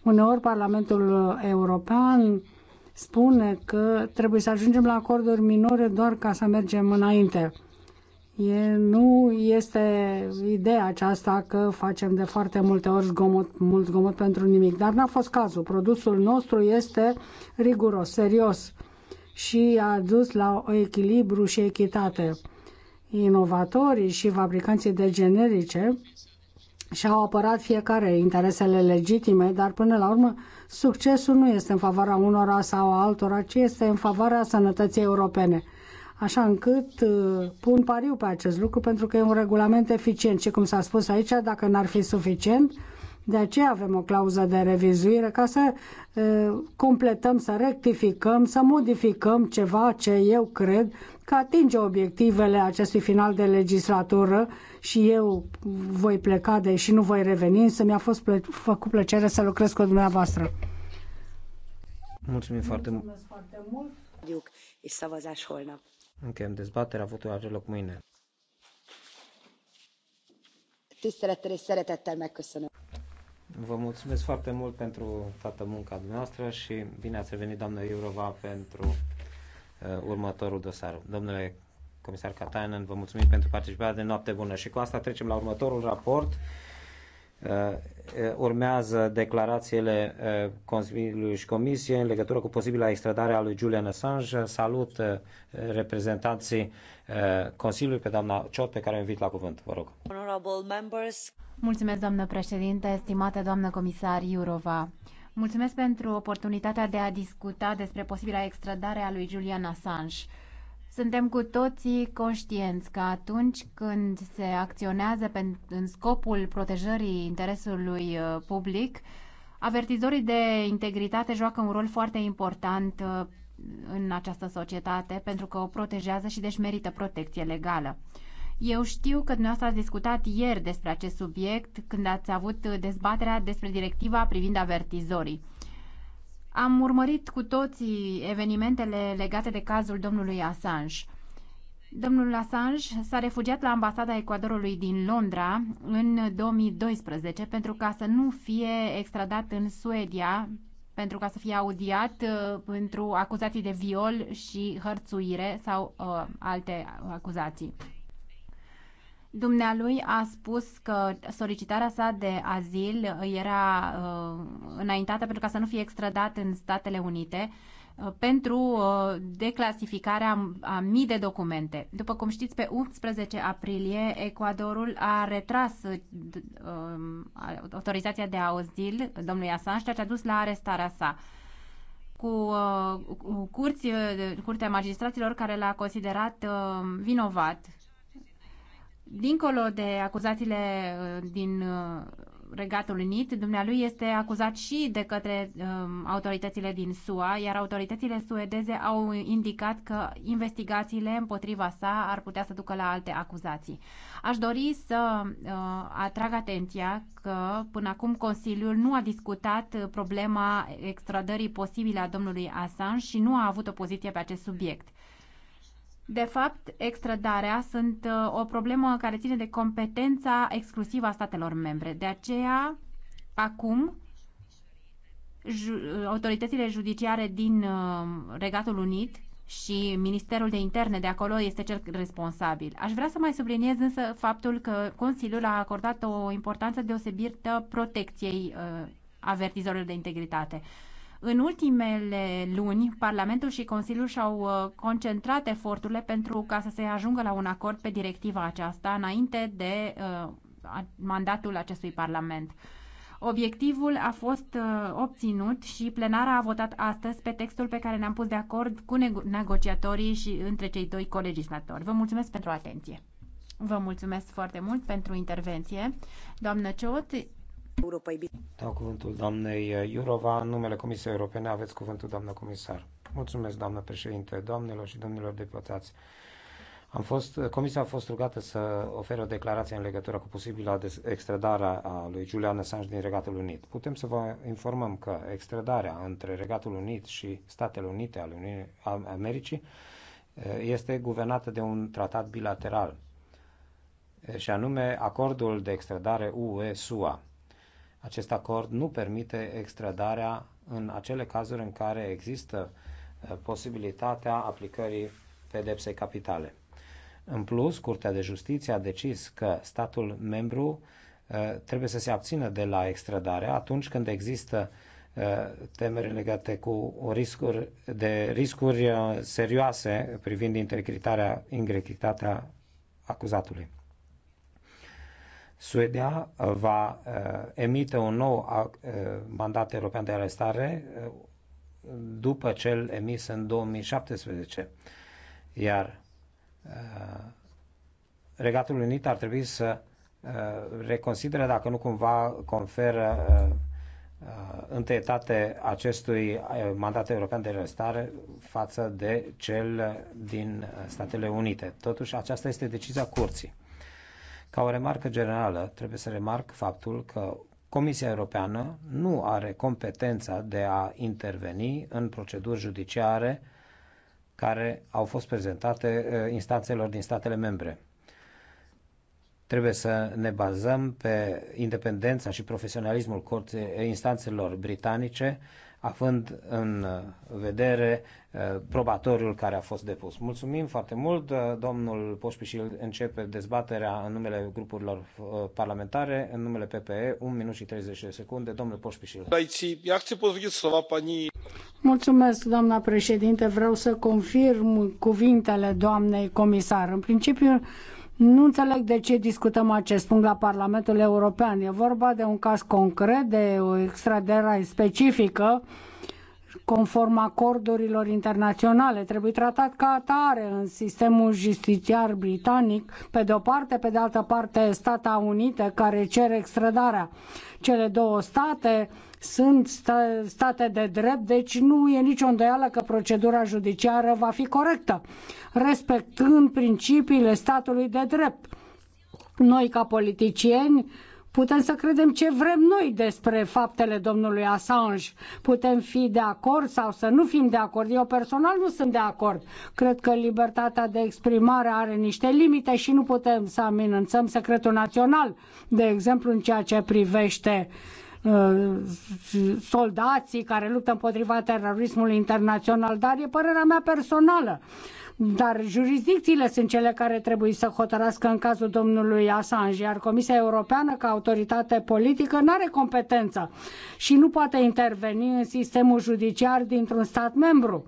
Uneori Parlamentul European spune că trebuie să ajungem la acorduri minore doar ca să mergem înainte. E, nu este ideea aceasta că facem de foarte multe ori zgomot, mult zgomot pentru nimic, dar n-a fost cazul. Produsul nostru este riguros, serios și a dus la o echilibru și echitate. Inovatorii și fabricanții de generice și-au apărat fiecare interesele legitime, dar până la urmă succesul nu este în favoarea unora sau altora, ci este în favoarea sănătății europene. Așa încât uh, pun pariu pe acest lucru pentru că e un regulament eficient și cum s-a spus aici, dacă n-ar fi suficient, de aceea avem o clauză de revizuire ca să completăm, să rectificăm, să modificăm ceva ce eu cred că atinge obiectivele acestui final de legislatură și eu voi pleca de și nu voi reveni, să mi-a fost plă- făcut plăcere să lucrez cu dumneavoastră. Mulțumim foarte mult. foarte mult. és szavazás dezbaterea, votul are loc mâine. Tisztelettel és szeretettel megköszönöm. Vă mulțumesc foarte mult pentru toată munca dumneavoastră și bine ați revenit, doamnă Iurova, pentru uh, următorul dosar. Domnule comisar Katainen, vă mulțumim pentru participarea de noapte bună și cu asta trecem la următorul raport. Uh, urmează declarațiile uh, Consiliului și Comisiei în legătură cu posibila extradare a lui Julian Assange. Salut uh, reprezentanții Consiliului pe doamna Ciot, pe care o invit la cuvânt. Vă rog. Mulțumesc, doamnă președinte, estimată doamnă comisar Iurova. Mulțumesc pentru oportunitatea de a discuta despre posibila extradare a lui Julian Assange. Suntem cu toții conștienți că atunci când se acționează în scopul protejării interesului uh, public, avertizorii de integritate joacă un rol foarte important uh, în această societate pentru că o protejează și deci merită protecție legală. Eu știu că dumneavoastră ați discutat ieri despre acest subiect când ați avut dezbaterea despre directiva privind avertizorii. Am urmărit cu toții evenimentele legate de cazul domnului Assange. Domnul Assange s-a refugiat la ambasada Ecuadorului din Londra în 2012 pentru ca să nu fie extradat în Suedia pentru ca să fie audiat uh, pentru acuzații de viol și hărțuire sau uh, alte acuzații. Dumnealui a spus că solicitarea sa de azil era uh, înaintată pentru ca să nu fie extradat în Statele Unite uh, pentru uh, declasificarea a mii de documente. După cum știți, pe 11 aprilie, Ecuadorul a retras uh, autorizația de auzil domnului Assange, ceea ce a dus la arestarea sa cu, cu curți, curtea magistraților care l-a considerat vinovat dincolo de acuzațiile uh, din uh, Regatul Unit, dumnealui este acuzat și de către um, autoritățile din SUA, iar autoritățile suedeze au indicat că investigațiile împotriva sa ar putea să ducă la alte acuzații. Aș dori să uh, atrag atenția că până acum Consiliul nu a discutat problema extradării posibile a domnului Assange și nu a avut o poziție pe acest subiect. De fapt, extradarea sunt uh, o problemă care ține de competența exclusivă a statelor membre. De aceea, acum, ju autoritățile judiciare din uh, Regatul Unit și Ministerul de Interne de acolo este cel responsabil. Aș vrea să mai subliniez însă faptul că Consiliul a acordat o importanță deosebită protecției uh, avertizorilor de integritate. În ultimele luni, Parlamentul și Consiliul și-au uh, concentrat eforturile pentru ca să se ajungă la un acord pe directiva aceasta înainte de uh, mandatul acestui Parlament. Obiectivul a fost uh, obținut și plenara a votat astăzi pe textul pe care ne-am pus de acord cu negociatorii și între cei doi colegislatori. Vă mulțumesc pentru atenție. Vă mulțumesc foarte mult pentru intervenție. Doamnă Ciot, Dau cuvântul doamnei Iurova. În numele Comisiei Europene aveți cuvântul, doamnă comisar. Mulțumesc, doamnă președinte, doamnelor și domnilor deputați. Am fost, comisia a fost rugată să ofere o declarație în legătură cu posibila extradare a lui Julian Assange din Regatul Unit. Putem să vă informăm că extradarea între Regatul Unit și Statele Unite ale Uniunii Americii eh, este guvernată de un tratat bilateral, eh, și anume acordul de extradare UE-SUA acest acord nu permite extradarea în acele cazuri în care există uh, posibilitatea aplicării pedepsei capitale. În plus, Curtea de Justiție a decis că statul membru uh, trebuie să se abțină de la extradare atunci când există uh, temeri legate cu riscuri, de riscuri serioase privind integritatea, integritatea acuzatului. Suedia uh, va uh, emite un nou uh, mandat european de arestare după cel emis în 2017, iar Regatul Unit ar trebui să reconsidere dacă nu cumva conferă întâietate acestui mandat european de arestare față de cel din Statele Unite. Totuși, aceasta este decizia curții. Ca o remarcă generală, trebuie să remarc faptul că Comisia Europeană nu are competența de a interveni în proceduri judiciare care au fost prezentate eh, instanțelor din statele membre. Trebuie să ne bazăm pe independența și profesionalismul eh, instanțelor britanice având în vedere uh, probatoriul care a fost depus. Mulțumim foarte mult. Uh, domnul Poșpișil începe dezbaterea în numele grupurilor uh, parlamentare, în numele PPE, 1 minut și 30 de secunde. Domnul Poșpișil. Mulțumesc, doamna președinte. Vreau să confirm cuvintele doamnei comisar. În principiu, nu înțeleg de ce discutăm acest punct la Parlamentul European. E vorba de un caz concret, de o extradere specifică conform acordurilor internaționale. Trebuie tratat ca atare în sistemul justițiar britanic, pe de o parte, pe de altă parte Statele Unite care cere extradarea. Cele două state sunt state de drept, deci nu e nicio îndoială că procedura judiciară va fi corectă respectând principiile statului de drept. Noi, ca politicieni, Putem să credem ce vrem noi despre faptele domnului Assange. Putem fi de acord sau să nu fim de acord. Eu personal nu sunt de acord. Cred că libertatea de exprimare are niște limite și nu putem să amenințăm secretul național, de exemplu în ceea ce privește uh, soldații care luptă împotriva terorismului internațional, dar e părerea mea personală dar jurisdicțiile sunt cele care trebuie să hotărască în cazul domnului Assange, iar Comisia Europeană, ca autoritate politică, nu are competență și nu poate interveni în sistemul judiciar dintr-un stat membru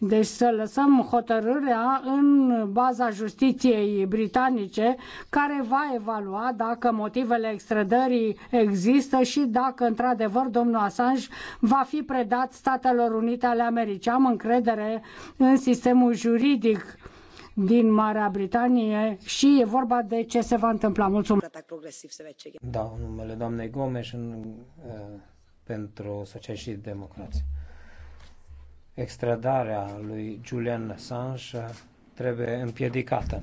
deci să lăsăm hotărârea în baza justiției britanice, care va evalua dacă motivele extrădării există și dacă, într-adevăr, domnul Assange va fi predat Statelor Unite ale Americii. Am încredere în sistemul juridic din Marea Britanie și e vorba de ce se va întâmpla. Mulțumesc! Da, numele doamnei Gomes în, uh, pentru Socialiști Democrați extradarea lui Julian Assange trebuie împiedicată.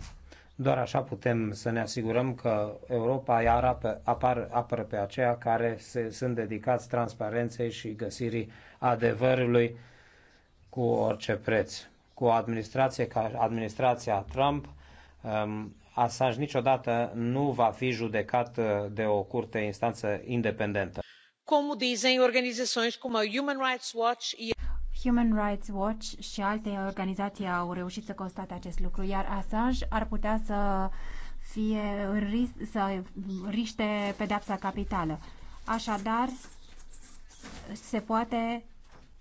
Doar așa putem să ne asigurăm că Europa îi arapă, apar, apără pe aceia care se, sunt dedicați transparenței și găsirii adevărului cu orice preț. Cu o administrație ca administrația Trump, um, Assange niciodată nu va fi judecat uh, de o curte instanță independentă. Como dizem organizações como a Human Rights Watch e Human Rights Watch și alte organizații au reușit să constate acest lucru, iar Assange ar putea să fie să riște pedepsa capitală. Așadar, se poate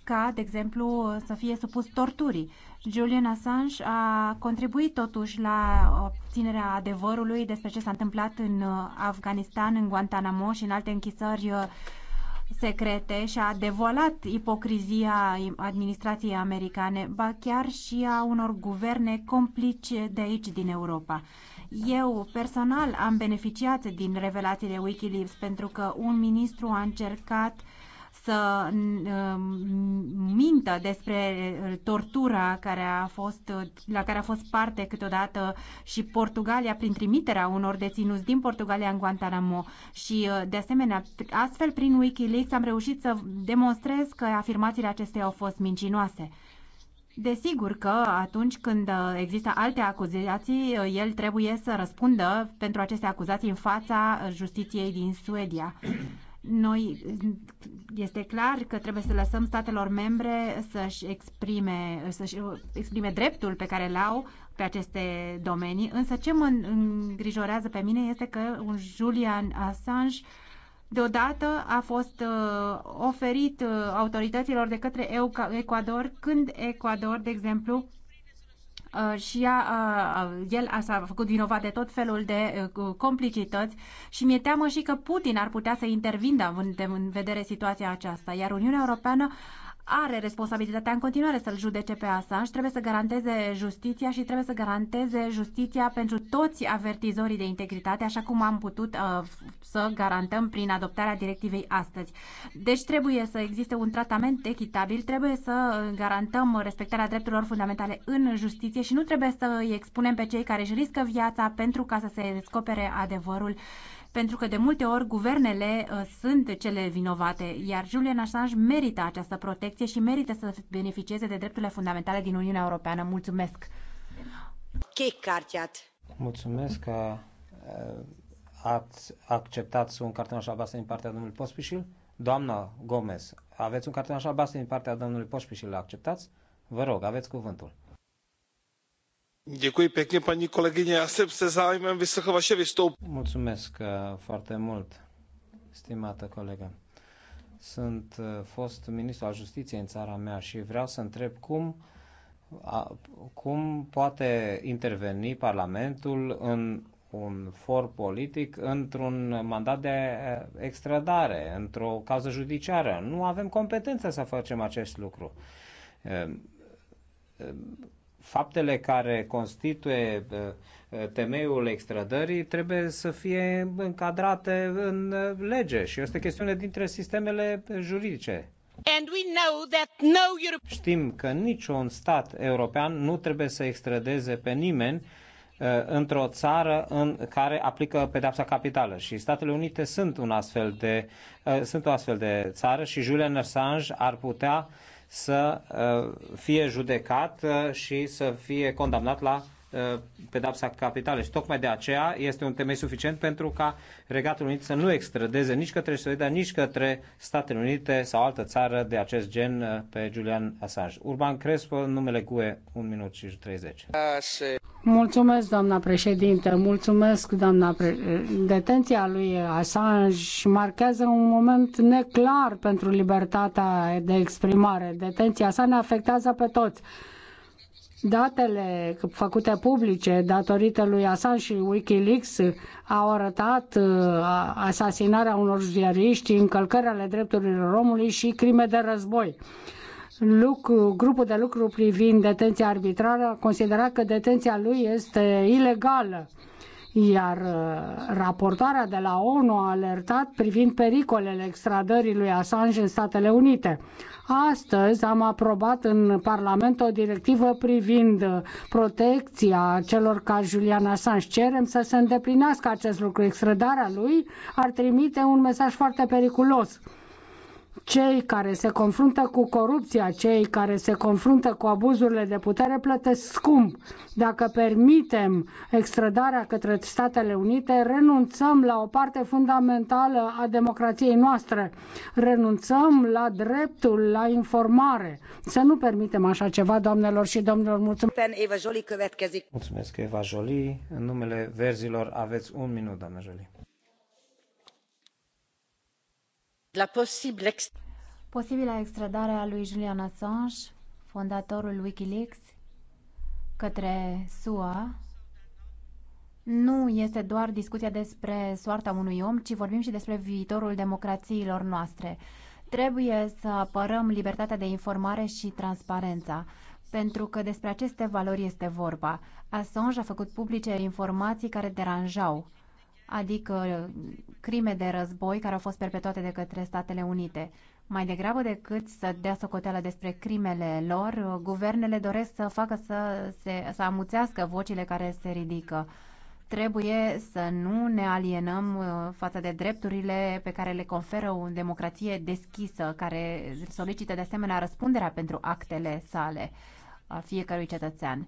ca, de exemplu, să fie supus torturii. Julian Assange a contribuit totuși la obținerea adevărului despre ce s-a întâmplat în Afganistan, în Guantanamo și în alte închisări secrete și a devolat ipocrizia administrației americane, ba chiar și a unor guverne complice de aici, din Europa. Eu personal am beneficiat din revelațiile Wikileaks pentru că un ministru a încercat să um, mintă despre tortura care a fost, la care a fost parte câteodată și Portugalia prin trimiterea unor deținuți din Portugalia în Guantanamo. Și, uh, de asemenea, astfel, prin Wikileaks am reușit să demonstrez că afirmațiile acestea au fost mincinoase. Desigur că atunci când uh, există alte acuzații, uh, el trebuie să răspundă pentru aceste acuzații în fața justiției din Suedia. Noi este clar că trebuie să lăsăm statelor membre să-și exprime, să-și exprime dreptul pe care l-au pe aceste domenii, însă ce mă îngrijorează pe mine este că un Julian Assange deodată a fost uh, oferit uh, autorităților de către Ecuador, când Ecuador, de exemplu, Uh, și ea, uh, uh, el a, s-a făcut vinovat de tot felul de complicități și mi-e teamă și că Putin ar putea să intervină în, în vedere situația aceasta, iar Uniunea Europeană are responsabilitatea în continuare să-l judece pe Assange, trebuie să garanteze justiția și trebuie să garanteze justiția pentru toți avertizorii de integritate, așa cum am putut uh, să garantăm prin adoptarea directivei astăzi. Deci trebuie să existe un tratament echitabil, trebuie să garantăm respectarea drepturilor fundamentale în justiție și nu trebuie să îi expunem pe cei care își riscă viața pentru ca să se descopere adevărul uh, pentru că de multe ori guvernele uh, sunt cele vinovate, iar Julian Assange merită această protecție și merită să beneficieze de drepturile fundamentale din Uniunea Europeană. Mulțumesc! Mulțumesc că uh, ați acceptat un așa albastru din partea domnului Pospișil. Doamna Gomez, aveți un așa albastru din partea domnului Pospișil, l-acceptați? Vă rog, aveți cuvântul paní kolegyně mulțumesc eh, foarte mult stimată colegă. Sunt eh, fost ministru al justiției în țara mea și vreau să întreb cum cum poate interveni Parlamentul în un for politic într-un mandat de eh, extradare, într-o cauză judiciară. Nu avem competența să facem acest lucru faptele care constituie uh, uh, temeiul extradării trebuie să fie încadrate în uh, lege și este o chestiune dintre sistemele juridice. And we know that no Europe... Știm că niciun stat european nu trebuie să extradeze pe nimeni într-o țară în care aplică pedepsa capitală. Și Statele Unite sunt, un astfel de, sunt o astfel de țară și Julian Assange ar putea uh, să uh, fie judecat uh, și să fie condamnat la Uh, pedapsa capitală și tocmai de aceea este un temei suficient pentru ca Regatul Unit să nu extradeze nici către Suedia, nici către Statele Unite sau altă țară de acest gen uh, pe Julian Assange. Urban Crespo, numele GUE, 1 minut și 30. Mulțumesc, doamna președinte, mulțumesc, doamna pre... Detenția lui Assange marchează un moment neclar pentru libertatea de exprimare. Detenția sa ne afectează pe toți Datele făcute publice datorită lui Assange și Wikileaks au arătat uh, asasinarea unor ziariști, încălcări ale drepturilor omului și crime de război lucru, grupul de lucru privind detenția arbitrară a considerat că detenția lui este ilegală. Iar uh, raportoarea de la ONU a alertat privind pericolele extradării lui Assange în Statele Unite. Astăzi am aprobat în Parlament o directivă privind protecția celor ca Julian Assange. Cerem să se îndeplinească acest lucru. Extrădarea lui ar trimite un mesaj foarte periculos cei care se confruntă cu corupția, cei care se confruntă cu abuzurile de putere plătesc scump. Dacă permitem extradarea către Statele Unite, renunțăm la o parte fundamentală a democrației noastre. Renunțăm la dreptul la informare. Să nu permitem așa ceva, doamnelor și domnilor. Mulțumesc. Eva Jolie, Mulțumesc, Eva Jolie. În numele verzilor aveți un minut, doamnă Jolie. la posibil ex- posibilă extradare a lui Julian Assange, fondatorul Wikileaks, către SUA, nu este doar discuția despre soarta unui om, ci vorbim și despre viitorul democrațiilor noastre. Trebuie să apărăm libertatea de informare și transparența, pentru că despre aceste valori este vorba. Assange a făcut publice informații care deranjau adică crime de război care au fost perpetuate de către Statele Unite. Mai degrabă decât să dea socoteală despre crimele lor, guvernele doresc să facă să, se, să amuțească vocile care se ridică. Trebuie să nu ne alienăm uh, față de drepturile pe care le conferă o democrație deschisă, care solicită de asemenea răspunderea pentru actele sale a fiecărui cetățean.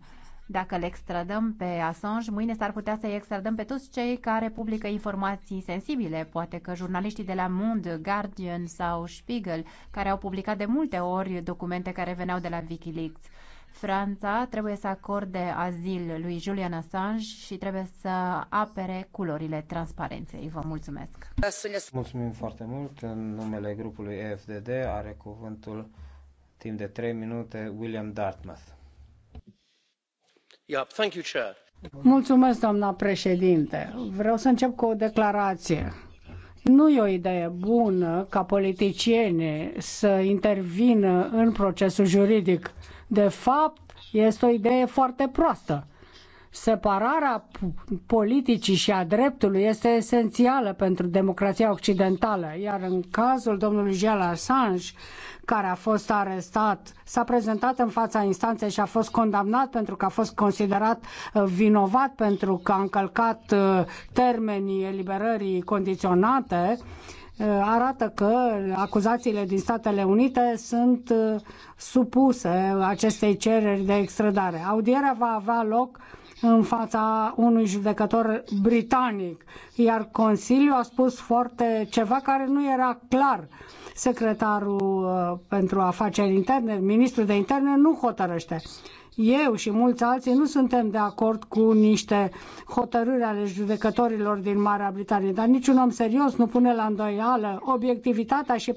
Dacă le extradăm pe Assange, mâine s-ar putea să-i extradăm pe toți cei care publică informații sensibile. Poate că jurnaliștii de la Mund, Guardian sau Spiegel, care au publicat de multe ori documente care veneau de la Wikileaks. Franța trebuie să acorde azil lui Julian Assange și trebuie să apere culorile transparenței. Vă mulțumesc! Mulțumim foarte mult! În numele grupului EFDD are cuvântul timp de 3 minute William Dartmouth. Mulțumesc, președintă președinte. Vreau să încep cu o declarație. Nu e o idee bună ca politicieni să intervină în procesul juridic. De fapt, este o idee foarte proastă separarea politicii și a dreptului este esențială pentru democrația occidentală, iar în cazul domnului Jean Assange, care a fost arestat, s-a prezentat în fața instanței și a fost condamnat pentru că a fost considerat uh, vinovat pentru că a încălcat uh, termenii eliberării condiționate, uh, arată că acuzațiile din Statele Unite sunt supuse acestei cereri de extradare. Audierea va avea loc în fața unui judecător britanic. Iar Consiliul a spus foarte ceva care nu era clar. Secretarul uh, pentru afaceri interne, ministrul de interne, nu hotărăște eu și mulți alții nu suntem de acord cu niște hotărâri ale judecătorilor din Marea Britanie, dar niciun om serios nu pune la îndoială obiectivitatea și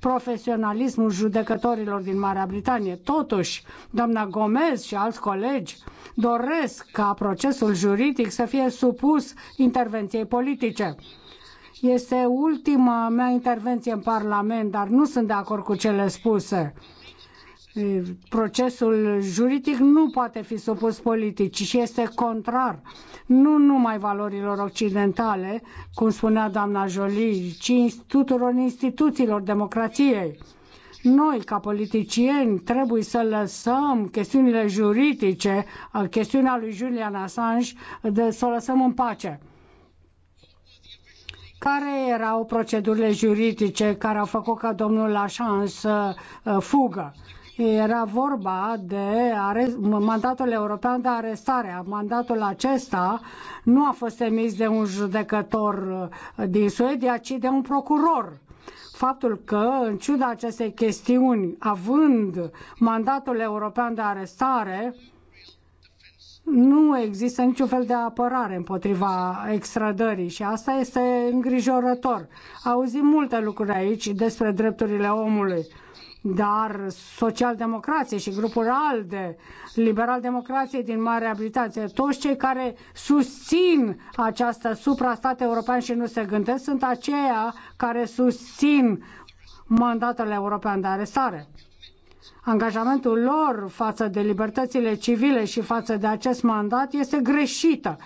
profesionalismul judecătorilor din Marea Britanie. Totuși, doamna Gomez și alți colegi doresc ca procesul juridic să fie supus intervenției politice. Este ultima mea intervenție în Parlament, dar nu sunt de acord cu cele spuse procesul juridic nu poate fi supus politici și este contrar nu numai valorilor occidentale, cum spunea doamna Jolie, ci tuturor instituțiilor democrației. Noi, ca politicieni, trebuie să lăsăm chestiunile juridice, chestiunea lui Julian Assange, de, să o lăsăm în pace care erau procedurile juridice care au făcut ca domnul Assange să fugă. Era vorba de arest, mandatul european de arestare. Mandatul acesta nu a fost emis de un judecător uh, din Suedia, ci de un procuror faptul că, în ciuda acestei chestiuni, având mandatul european de arestare, nu există niciun fel de apărare împotriva extradării și asta este îngrijorător. Auzim multe lucruri aici despre drepturile omului dar socialdemocrații și grupul ALDE, liberal-democrații din Marea Britanie, toți cei care susțin această suprastat european și nu se gândesc, sunt aceia care susțin mandatul european de arestare. Angajamentul lor față de libertățile civile și față de acest mandat este greșită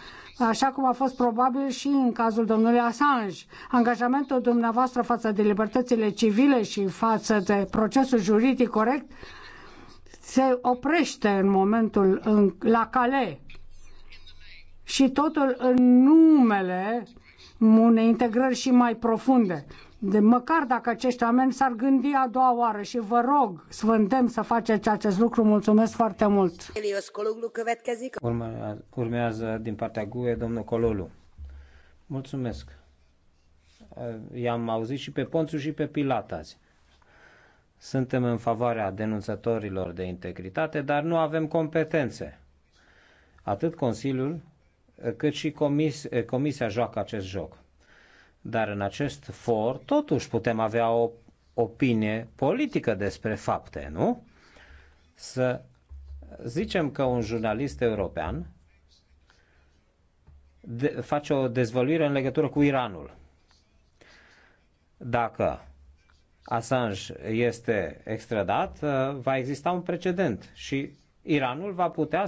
așa cum a fost probabil și în cazul domnului Assange. Angajamentul dumneavoastră față de libertățile civile și față de procesul juridic corect se oprește în momentul în, la cale și totul în numele unei integrări și mai profunde de măcar dacă acești oameni s-ar gândi a doua oară și vă rog, sfântem să faceți acest lucru. Mulțumesc foarte mult. Urmează, urmează din partea GUE domnul Cololu. Mulțumesc. I-am auzit și pe Ponțu și pe Pilat azi. Suntem în favoarea denunțătorilor de integritate, dar nu avem competențe. Atât Consiliul cât și comis, Comisia joacă acest joc dar în acest for totuși putem avea o opinie politică despre fapte, nu? Să zicem că un jurnalist european de, face o dezvăluire în legătură cu Iranul. Dacă Assange este extradat, va exista un precedent și Iranul va putea